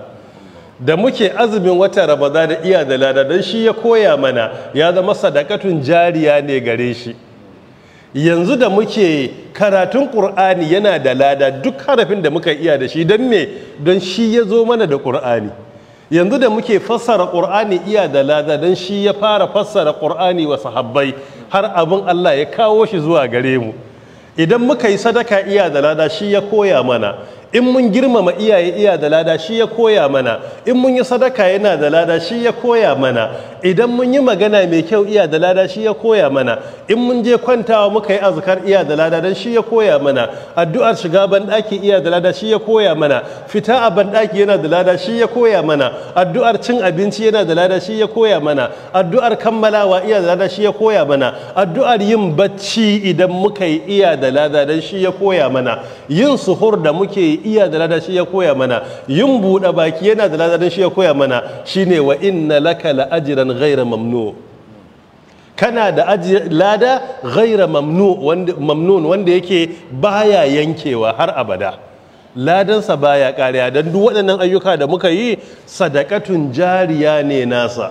da muke azumin wata rabaza da iya da lada don shi ya koya mana ya zama sadakatun jariya ne gare shi yanzu da muke karatun ƙur'ani yana da lada duk harafin da muka iya da shi don me don shi ya zo mana da ƙur'ani yanzu da muke fassara ƙur'ani iya da lada don shi ya fara fassara ƙur'ani wa sahabbai har abin allah ya kawo shi zuwa gare mu idan muka yi sadaka iya da lada shi ya koya mana in mun girmama iyaye iya da lada shi ya koya mana in mun yi sadaka yana da lada shi ya koya mana idan mun yi magana mai kyau iya da lada shi ya koya mana in mun je kwantawa muka yi azkar iya da lada dan shi ya koya mana addu'ar shiga banɗaki iya da lada shi ya koya mana fita a banɗaki yana da lada shi ya koya mana addu'ar cin abinci yana da lada shi ya koya mana addu'ar kammalawa iya da lada shi ya koya mana addu'ar yin bacci idan muka yi iya da da lada dan shi ya koya mana yin suhur da muke iya da lada shi ya koya mana yin buɗe baki yana da lada dan shi ya koya mana shine wa inna laka la ajran ghayra mamnu kana da lada ghaira mamnun wanda yake baya yankewa har abada ladansa baya kariya don duk waɗannan ayyuka da muka yi sadakatun jariya ne nasa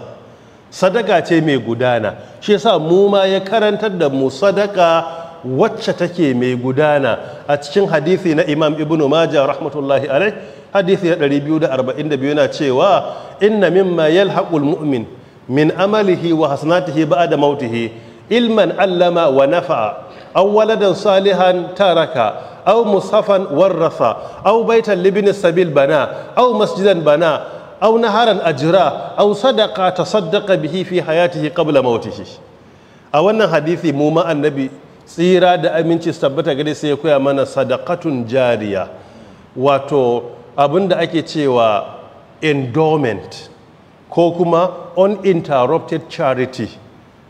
sadaka ce mai gudana shi yasa mu ma ya karantar da mu sadaka wacce take mai gudana a cikin hadisi na imam ibn majah rahmatullahi alai hadisi na 242 yana cewa inna mimma yalhaqul mu'min min amalihi wa hasanatihi ba'da mautihi ilman allama wa nafa'a aw waladan salihan taraka أو مصحفا ورثا أو بيتا لابن bana بنا masjidan bana بنا naharan نهارا أجرا أو صدقة تصدق به hayatihi حياته mautihi a wannan أن حديث موما tsira da aminci tabbata gare sai ya koya mana sadakatun jariya wato abinda ake cewa endowment ko kuma uninterrupted charity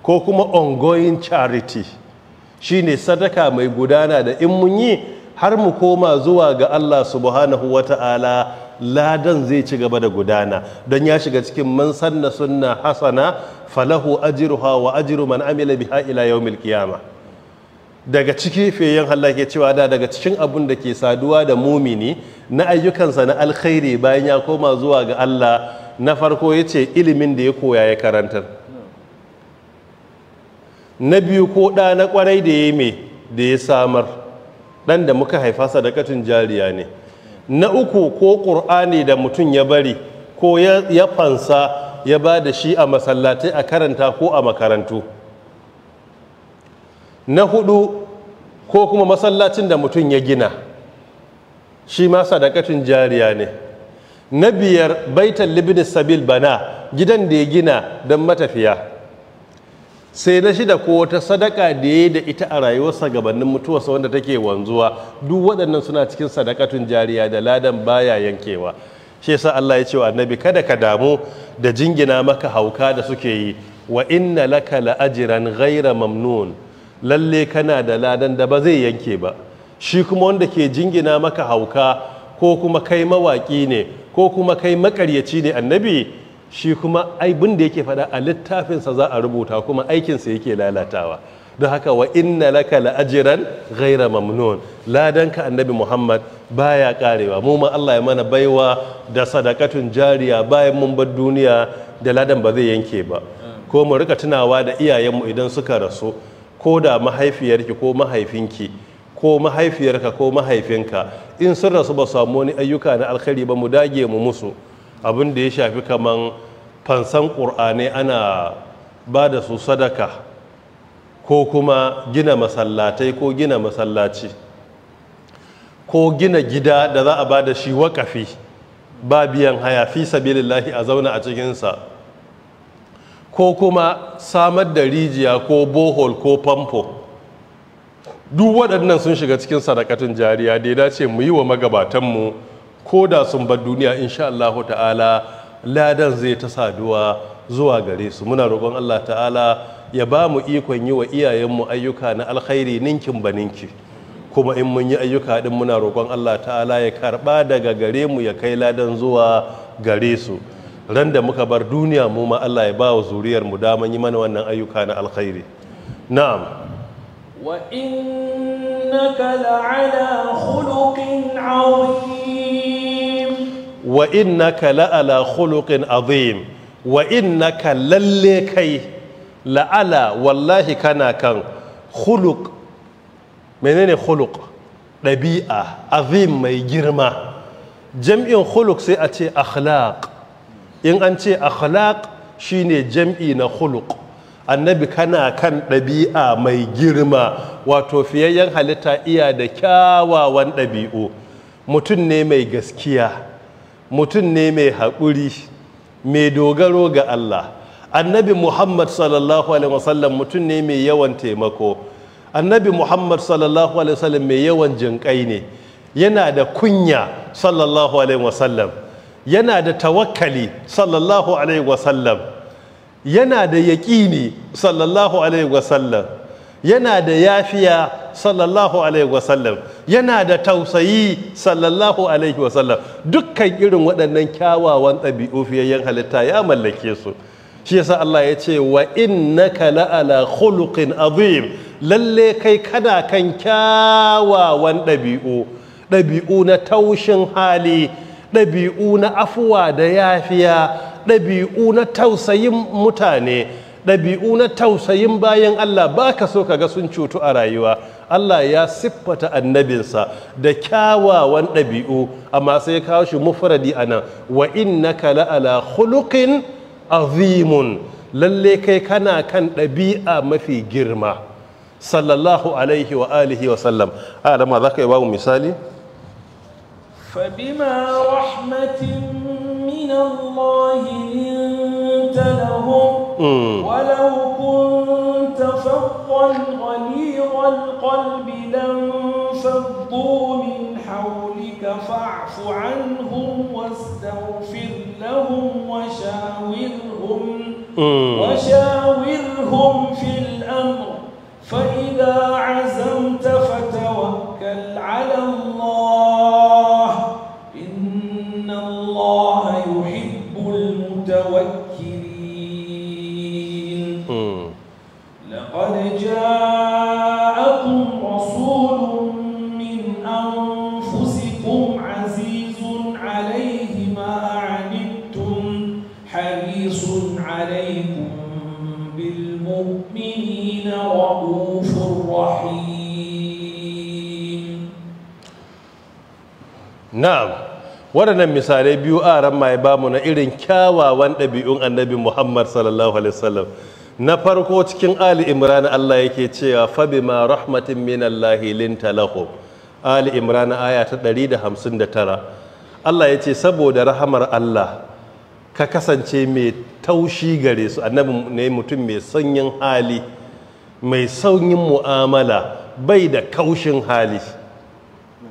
ko kuma ongoing charity shine sadaka mai gudana da in mun yi har mu koma zuwa ga Allah subhanahu ta'ala. ladan zai ci gaba da gudana don ya shiga cikin man sanna sunna hasana falahu ajruha wa ajru man amila biha ila yawmil qiyamah daga ciki feyen Allah ke cewa da daga cikin abun da ke saduwa da mumini na ayyukansa na alkhairi bayan ya koma zuwa ga Allah na farko ya ce ilimin da ya koya ya karantar na biyu ko ɗa na ƙwarai da ya mai da ya samar ɗan da muka haifa sadakatun jariya ne na uku ko ƙur'ani da mutum ya bari ko ya fansa ya ba da shi a masallatai a karanta ko a makarantu na hudu ko kuma masallacin da mutum ya gina shi ma sadakacin jariya ne na biyar baitan libin sabil bana gidan da ya gina don matafiya sai na shida ko wata sadaka da ya yi da ita a rayuwarsa gabanin mutuwarsa wanda take wanzuwa duk waɗannan suna cikin sadakatun jariya da ladan baya yankewa shi yasa Allah ya ce wa annabi kada ka damu da jingina maka hauka da suke yi wa inna laka la'ajiran ghaira mamnun lalle kana da ladan da ba zai yanke ba shi kuma wanda ke jingina maka hauka ko kuma kai mawaƙi ne ko kuma kai makaryaci ne annabi shi kuma aibin da yake faɗa a littafinsa za a rubuta kuma aikinsa yake lalatawa don haka wa inna laka la'ajiran ghaira mamnun ladanka annabi muhammad baya karewa mu ma Allah ya mana baiwa da sadakatun jariya bayan mun bar duniya da ladan ba zai yanke ba ko mu rika tunawa da iyayenmu idan suka rasu ko da mahaifiyarki ko mahaifinki ko mahaifiyarka ko mahaifinka in sun rasu ba samu wani ayyuka na alkhairi ba mu dage mu musu abin da ya shafi kaman fansan ƙur'anai ana ba da su sadaka ko kuma gina masallatai ko gina masallaci ko gina gida da za a ba da shi waƙafi ba biyan haya fi sabilillahi a zauna a cikinsa ko kuma samar da rijiya ko bohol ko famfo duk waɗannan sun shiga cikin sadakatun jariya da ya dace mu yi wa magabatanmu ko da sun bar duniya insha Allah ta'ala ladan zai ta saduwa zuwa gare su muna roƙon Allah ta'ala ya ba mu ikon yi wa iyayenmu ayyuka na alkhairi ninkin ba ninki kuma in mun yi ayyuka din muna roƙon Allah ta'ala ya karɓa daga gare mu ya kai ladan zuwa gare su ran da muka bar duniya mu ma Allah ya ba wa zuriyar mu daman yi mana wannan ayyuka na alkhairi na'am wa innaka la'ala khuluqin azim wa innaka la'ala khuluqin azim wa innaka lalle kai la'ala wallahi kana kan khuluq menene khuluq ɗabi'a azim mai girma jam'in khuluq sai a ce akhlaq in an ce akhlaq shine jam'i na khuluq annabi kana kan ɗabi'a mai girma wato fiyayyen halitta iya da kyawawan ɗabi'u mutum ne mai gaskiya mutum ne mai haƙuri mai dogaro ga Allah annabi muhammad sallallahu alaihi wasallam mutum ne mai yawan taimako annabi muhammad sallallahu alaihi wasallam mai yawan jinƙai ne yana da kunya sallallahu alaihi wasallam yana da tawakkali sallallahu alaihi wasallam yana da yaƙini sallallahu alaihi wasallam yana da yafiya sallallahu alaihi wasallam yana da tausayi sallallahu alaihi wasallam dukkan irin waɗannan kyawawan ɗabi'u fiyayyen halitta ya mallake su shi yasa Allah ya ce wa innaka la'ala khuluqin azim lalle kai kana kan kyawawan ɗabi'u ɗabi'u na taushin hali ɗabi'u na afuwa da yafiya ɗabi'u na tausayin mutane ɗabi'u na tausayin bayan Allah ba ka so kaga sun cutu a rayuwa Allah ya siffata annabinsa da kyawawan ɗabi'u amma sai kawo shi mufradi a nan wa kala la'ala khuluqin azimun lalle kai kana kan ɗabi'a mafi girma sallallahu alaihi wa alihi wa sallam za ka yi misali فبما رحمة من الله لنت لهم ولو كنت فظا غليظ القلب لانفضوا من حولك فاعف عنهم واستغفر لهم وشاورهم وشاورهم في الأمر فإذا عزمت na'am waɗannan misalai biyu a ran mai bamu na irin kyawawan ɗabi'un annabi muhammad sallallahu alaihi wasallam na farko cikin ali imran allah yake cewa fabi ma rahmatin minan allahi linta lahum ali imran aya ta 159 allah ya ce saboda rahamar allah ka kasance mai taushi gare su annabi ne mutum mai sanyin hali mai sauyin mu'amala bai da kaushin hali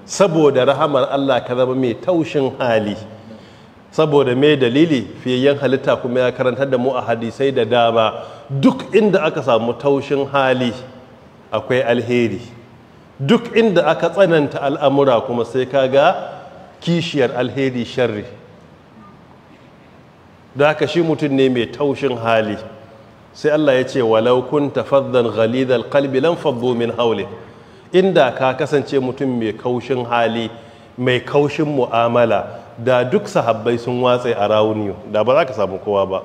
saboda rahamar Allah ka zama mai taushin hali saboda mai dalili fiye fiyayyen halitta kuma ya karanta da mu a hadisai da dama duk inda aka samu taushin hali akwai alheri duk inda aka tsananta al'amura kuma sai ka ga kishiyar alheri sharri da aka shi mutum ne mai taushin hali sai Allah ya ce walaukun tafaddan ghalidhal qalbi lan faddu min inda ka kasance mutum mai kaushin hali mai kaushin mu'amala da duk sahabbai sun watse a rauniyu da ba za ka samu kowa ba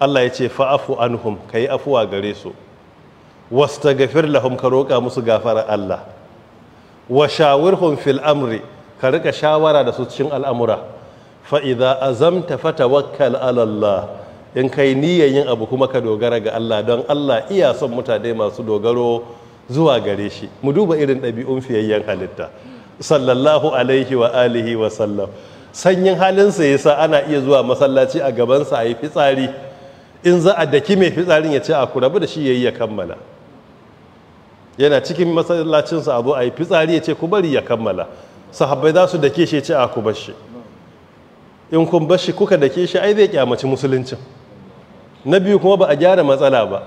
Allah ya ce fa'afu anhum ka yi afuwa gare su wasta gafir lahum ka roƙa musu gafara Allah wa shawirhum fil amri ka rika shawara da su cikin al'amura fa'iza azamta fata wakkal alallah in kai niyan yin abu kuma ka dogara ga Allah don Allah iya son mutane masu dogaro zuwa gare shi mu duba irin ɗabi'un fiyayyen halitta sallallahu alaihi wa alihi wa sallam sanyin halinsa ya sa ana iya zuwa masallaci a gabansa a yi fitsari in za a daki mai fitsarin ya ce a rabu da shi ya yi ya kammala yana cikin masallacinsa a a yi fitsari ya ce ku bari ya kammala sahabbai za su dake shi ya ce a ku shi in kun bashi kuka dake shi ai zai kyamaci musuluncin na biyu kuma ba a gyara matsala ba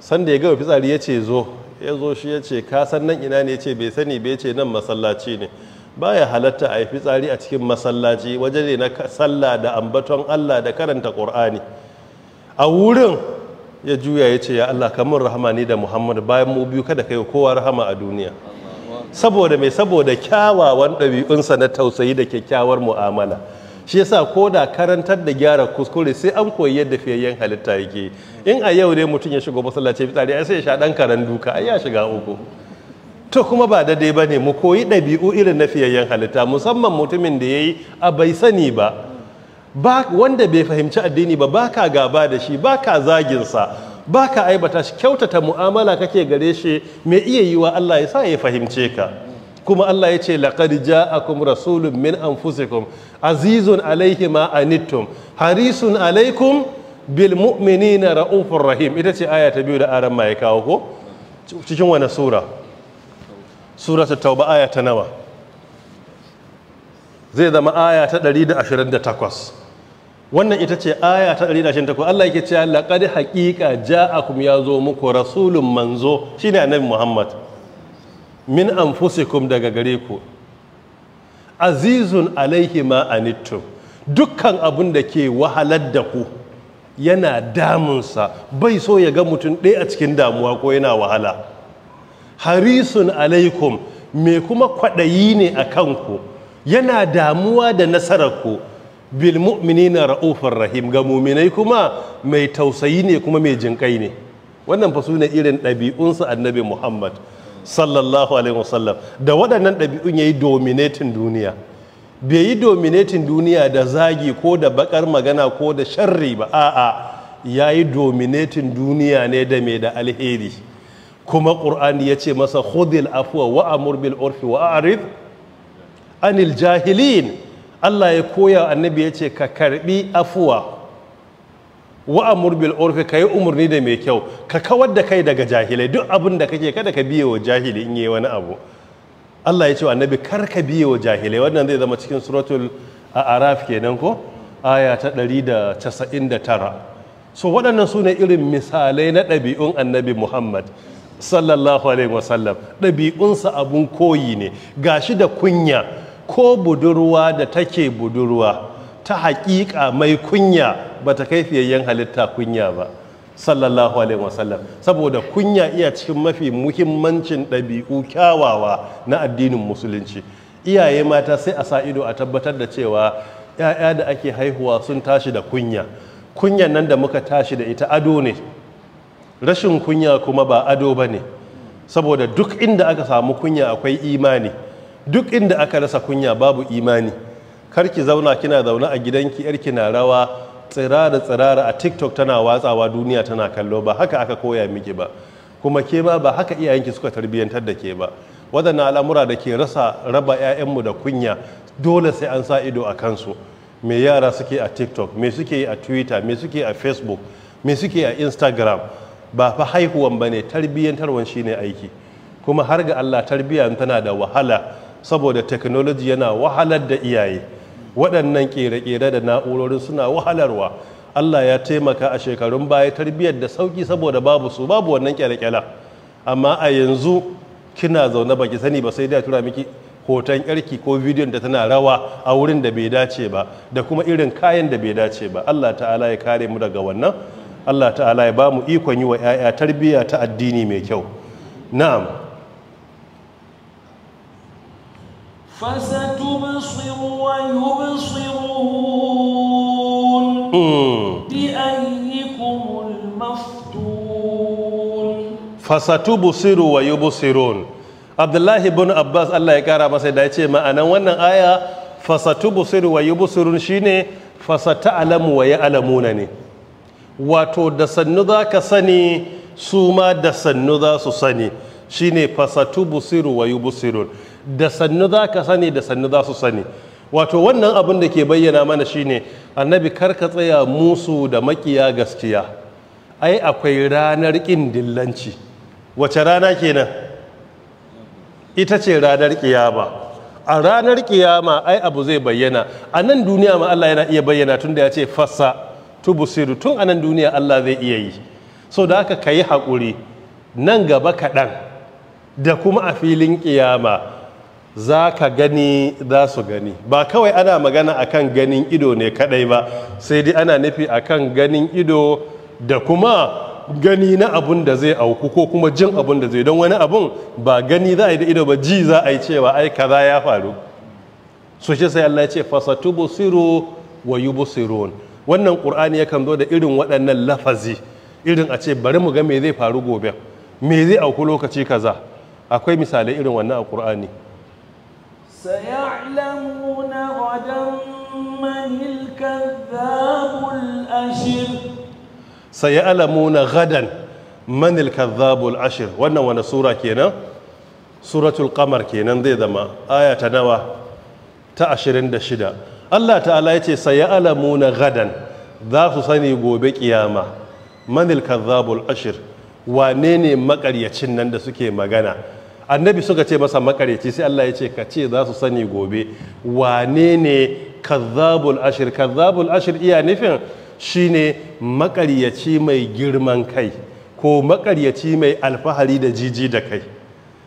sanda ya gaba fitsari ya ce zo ya zo shi ya ce ka nan ina ne ce bai sani bai ce nan masallaci ne ba ya halatta a yi fitsari a cikin masallaci waje ne na sallah da ambaton Allah da karanta Qur'ani a wurin ya juya ya ce ya Allah kamar rahama ni da muhammadu bayan mu biyu kada kai kowa rahama a duniya saboda mai saboda kyawawan ɗabi'unsa na tausayi da kyakkyawar mu'amala shi yasa ko da karantar da gyara kuskure sai an koyi yadda fiyayyen halitta yake in a yau ne mutum ya shigo masallaci fitsari ai sai ya sha dan karan duka ai ya shiga uku to kuma ba dai ba ne mu koyi dabi'u irin na fiyayyen halitta musamman mutumin da ya yi a bai sani ba Ba wanda bai fahimci addini ba ba ka gaba da shi ba ka sa ba ka aibata shi kyautata mu'amala kake gare shi mai iya yiwa Allah ya sa ya fahimce ka kuma Allah ya ce laqad ja'akum rasulun min anfusikum azizun alaihi ma anittum harisun alaikum bil mu'minina ra'ufur rahim ita ce aya ta biyu da aran ma ya kawo ko cikin wani sura sura ta tauba aya ta nawa zai zama aya ta 128 wannan ita ce aya ta 128 Allah yake cewa laqad haqiqa ja'akum ya zo muku rasulun manzo shine annabi Muhammad min anfusikum daga gare ku azizun alaihi ma anittum dukkan abun da ke wahalar da ku yana damunsa bai so ya ga mutum ɗaya a cikin damuwa ko yana wahala harisun alaikum me kuma kwaɗayi ne a kanku yana damuwa da nasarar bil mu'minina ra'ufar rahim ga muminai kuma mai tausayi ne kuma mai jinƙai ne wannan fa ne irin ɗabi'unsa annabi muhammad sallallahu alaihi wasallam da waɗannan ɗabi'un ya yi dominatin duniya bai yi dominatin duniya da zagi ko da bakar magana ko da sharri ba a'a ya yi dominatin duniya ne da mai da alheri kuma ƙur'ani ya ce masa hudil afuwa wa amur bil urfi wa arid anil jahilin Allah ya koya annabi ya ce ka karbi afuwa wa murbil orfe ka yi umarni da mai kyau ka kawar da kai daga jahilai duk abin da kake kada ka biye wa jahili in yi wani abu Allah ya ce wa annabi kar ka biye wa jahilai wannan zai zama cikin suratul araf kenan ko aya ta 199 so waɗannan su ne irin misalai na ɗabi'un annabi Muhammad sallallahu alaihi wasallam ɗabi'unsa abun koyi ne gashi da kunya ko budurwa da take budurwa ta haƙiƙa mai kunya bata kai fiyayyen halitta kunya ba sallallahu alaihi wasallam saboda kunya iya cikin mafi muhimmancin ɗabi'u kyawawa na addinin musulunci iyaye mata sai a sa ido a tabbatar da cewa 'ya'ya da ake haihuwa sun tashi da kunya kunyan nan da muka tashi da ita ado ne rashin kunya kuma ba ado ba ne saboda duk inda aka samu kunya akwai imani duk inda aka rasa kunya babu imani karki zauna kina zaune a gidanki yarki na rawa tsirara tsirara a tiktok tana watsawa duniya tana kallo ba haka aka koya miki ba kuma ke ba ba haka iyayenki suka tarbiyyantar da ke ba waɗannan al'amura da ke rasa raba 'ya'yanmu da kunya dole sai an sa ido a kansu me yara suke a tiktok me suke a twitter me suke a facebook me suke a instagram ba fa haihuwan ba ne tarbiyyantarwan ne aiki kuma har ga allah tarbiyya tana da wahala saboda technology yana wahalar da iyaye waɗannan ƙere-ƙere da na'urorin suna wahalarwa allah ya taimaka a shekarun baya tarbiyyar da sauƙi saboda babu su babu wannan ƙyale ƙere amma a yanzu kina zaune ba ki sani ba sai da tura miki hoton yarki ko bidiyon da tana rawa a wurin da bai dace ba da kuma irin kayan da bai dace ba allah ta'ala ya kare mu daga wannan allah ta'ala ya ba mu ikon yi wa 'ya'ya tarbiyya ta addini mai kyau na'am Fasatu busiru المفتون فستبصر Abdullahi bin Abbas Allah ya kara masa da ya ce ma'anan wannan aya fasatu busiru wa yubsirun shine fasata alamu wa alamuna ne wato da sannu za ka sani su ma da sannu za su sani shine fasatu busiru wa busirun. da sannu za ka sani da sannu za su sani wato wannan abin da ke bayyana mana shine annabi karka tsaya musu da makiya gaskiya ai akwai ranar ƙindillanci dillanci wace rana kenan ita ce ranar ƙiyama. a ranar ƙiyama ai abu zai bayyana a nan duniya ma Allah yana iya bayyana tun da ya ce fassa tubusiru tun a nan duniya Allah zai iya yi so da aka kayi haƙuri nan gaba kaɗan da kuma a filin ƙiyama. za ka gani za su gani ba kawai ana magana a kan ganin ido ne kadai ba sai dai ana nufi a kan ganin ido da kuma gani na abun da zai auku ko kuma jin abun da zai don wani abun ba gani za a yi da ido ba ji za a yi cewa ai kaza ya faru so shi sai Allah ya ce fasatu busiru wa yubsirun wannan qur'ani yakan zo da irin waɗannan lafazi irin a ce bari mu ga me zai faru gobe me zai auku lokaci kaza akwai misalai irin wannan a qur'ani Saye alamu na wajen mahilkan zabu ashir. Saye alamu na gadon mani ka zabu ashir. Wannan wanne sura kenan? Suratulkamar kenan zai zama. Ta ashirin shida. Allah Ta'ala ya ce, "Saye alamu na gadon, za su sani gobe ƙiyama." Mani ka ashir, wanene maƙarya cin nan da suke magana? annabi suka ce masa makareci sai Allah ya ce ka ce za su sani gobe wane ne kazzabul ashir kazzabul ashir iya nufin shine makaryaci mai girman kai ko makaryaci mai alfahari da jiji da kai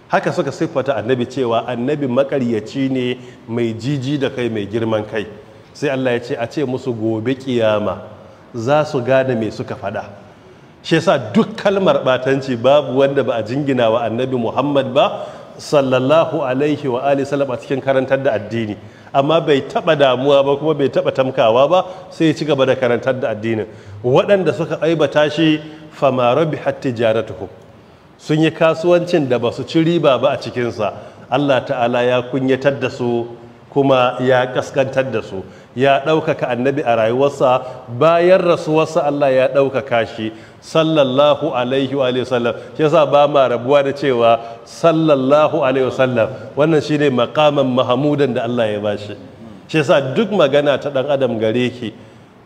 haka suka siffata annabi cewa annabi makaryaci ne mai jiji da kai mai girman kai sai Allah ya ce a ce musu gobe kiyama za su gane me suka faɗa shi yasa duk kalmar batanci babu wanda ba a jingina wa annabi muhammad ba sallallahu alaihi wa alihi sallam a cikin karantar da addini amma bai taba damuwa ba kuma bai taba tamkawa ba sai ya ci gaba da karantar da addinin waɗanda suka aibata shi famarabi rabihat jaratuhu sun yi kasuwancin da ba su ci riba ba a cikinsa Allah ta'ala ya kunyatar da su kuma ya kaskantar da su ya ɗaukaka annabi a rayuwarsa bayan rasuwarsa Allah ya ɗaukaka shi sallallahu alaihi wa sallam shi yasa ba ma rabuwa da cewa sallallahu alaihi wa sallam wannan shine makaman mahamudan da Allah ya ba shi yasa duk magana ta ɗan adam gare ki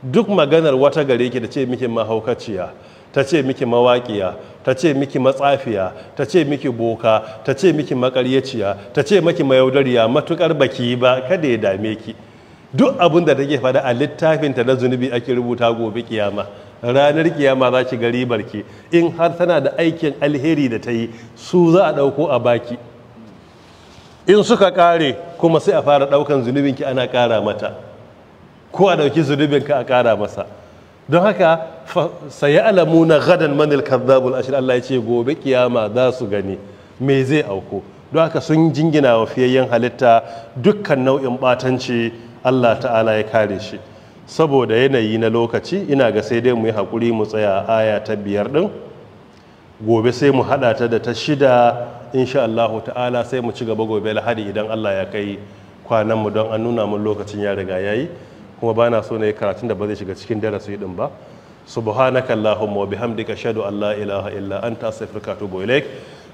duk maganar wata gare ki da ce miki mahaukaciya ta ce miki mawaƙiya ta ce miki matsafiya ta ce miki boka ta ce miki makaryaciya ta ce miki mayaudariya matukar baki ba kada ya dame ki duk abin da take faɗa a littafinta na zunubi ake rubuta gobe kiyama ranar kiyama za ki gari barki in har tana da aikin alheri da ta yi su za a ɗauko a baki in suka ƙare kuma sai a fara ɗaukan zunubinki ana ƙara mata ko a ɗauki zunubinka a ƙara masa don haka sai alamu na gadan manil kazzabul ashir Allah ya ce gobe kiyama za su gani me zai auko don haka sun jingina wa fiyayyen halitta dukkan nau'in batanci Allah ta'ala ya kare shi saboda yanayi na lokaci ina ga sai dai mu yi haƙuri mu tsaya aya ta biyar ɗin gobe sai mu haɗa ta da ta shida insha Allah ta'ala sai mu ci gaba gobe lahadi idan Allah ya kai kwanan mu don an nuna mu lokacin ya riga yayi kuma bana so na yi karatun da ba zai shiga cikin darasi din ba subhanaka allahumma wa bihamdika ashhadu an la ilaha illa anta astaghfiruka wa atubu ilaik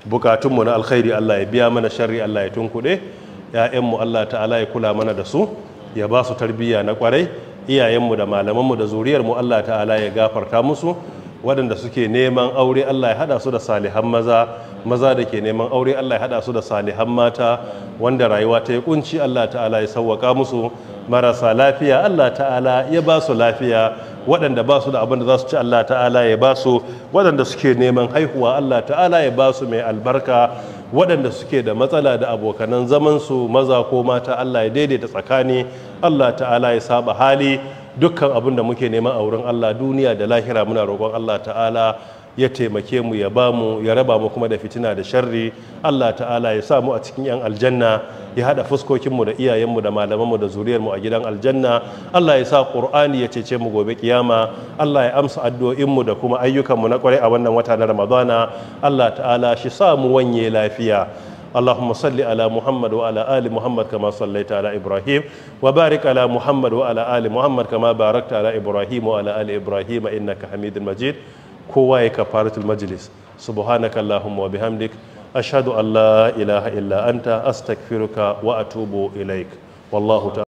bukatun mu na alkhairi Allah ya biya mana sharri Allah ya tunkude ya'yan mu Allah ta'ala ya kula mana da su ya ba su tarbiyya na kwarai iyayenmu da malamanmu da zuriyar mu Allah ta'ala ya gafarta musu waɗanda suke neman aure Allah ya hada su da salihan maza maza da ke neman aure Allah ya hada su da salihan mata wanda rayuwa ta ya kunci Allah ta'ala ya sauwaka musu marasa lafiya Allah ta'ala ya ba su lafiya waɗanda ba su da abin da za su ci Allah ta'ala ya ba su waɗanda suke neman haihuwa Allah ta'ala ya ba su mai albarka waɗanda suke da matsala da abokanan zamansu maza ko mata Allah ya daidaita tsakani Allah ta'ala ya saba hali dukkan abin da muke neman a wurin Allah duniya da lahira muna roƙon Allah ta'ala ya taimake mu ya ba mu ya raba mu kuma da fitina da sharri Allah ta'ala ya sa mu a cikin yan aljanna ya hada fuskokin mu da iyayenmu da malamanmu da zuriyar mu a gidan aljanna Allah ya sa Qur'ani ya cece mu gobe kiyama Allah ya amsa addu'o'in mu da kuma ayyukan mu na kwarai a wannan wata na Ramadana Allah ta'ala shi sa mu wanye lafiya اللهم صل على محمد وعلى آل محمد ibrahim صليت على إبراهيم وبارك على محمد وعلى آل محمد كما باركت على إبراهيم وعلى آل إبراهيم إنك حميد مجيد kowa ya kafaratul majlis subhanaka allahumma wa bihamdik ashhadu an la ilaha illa anta astaghfiruka wa atubu ilaik wallahu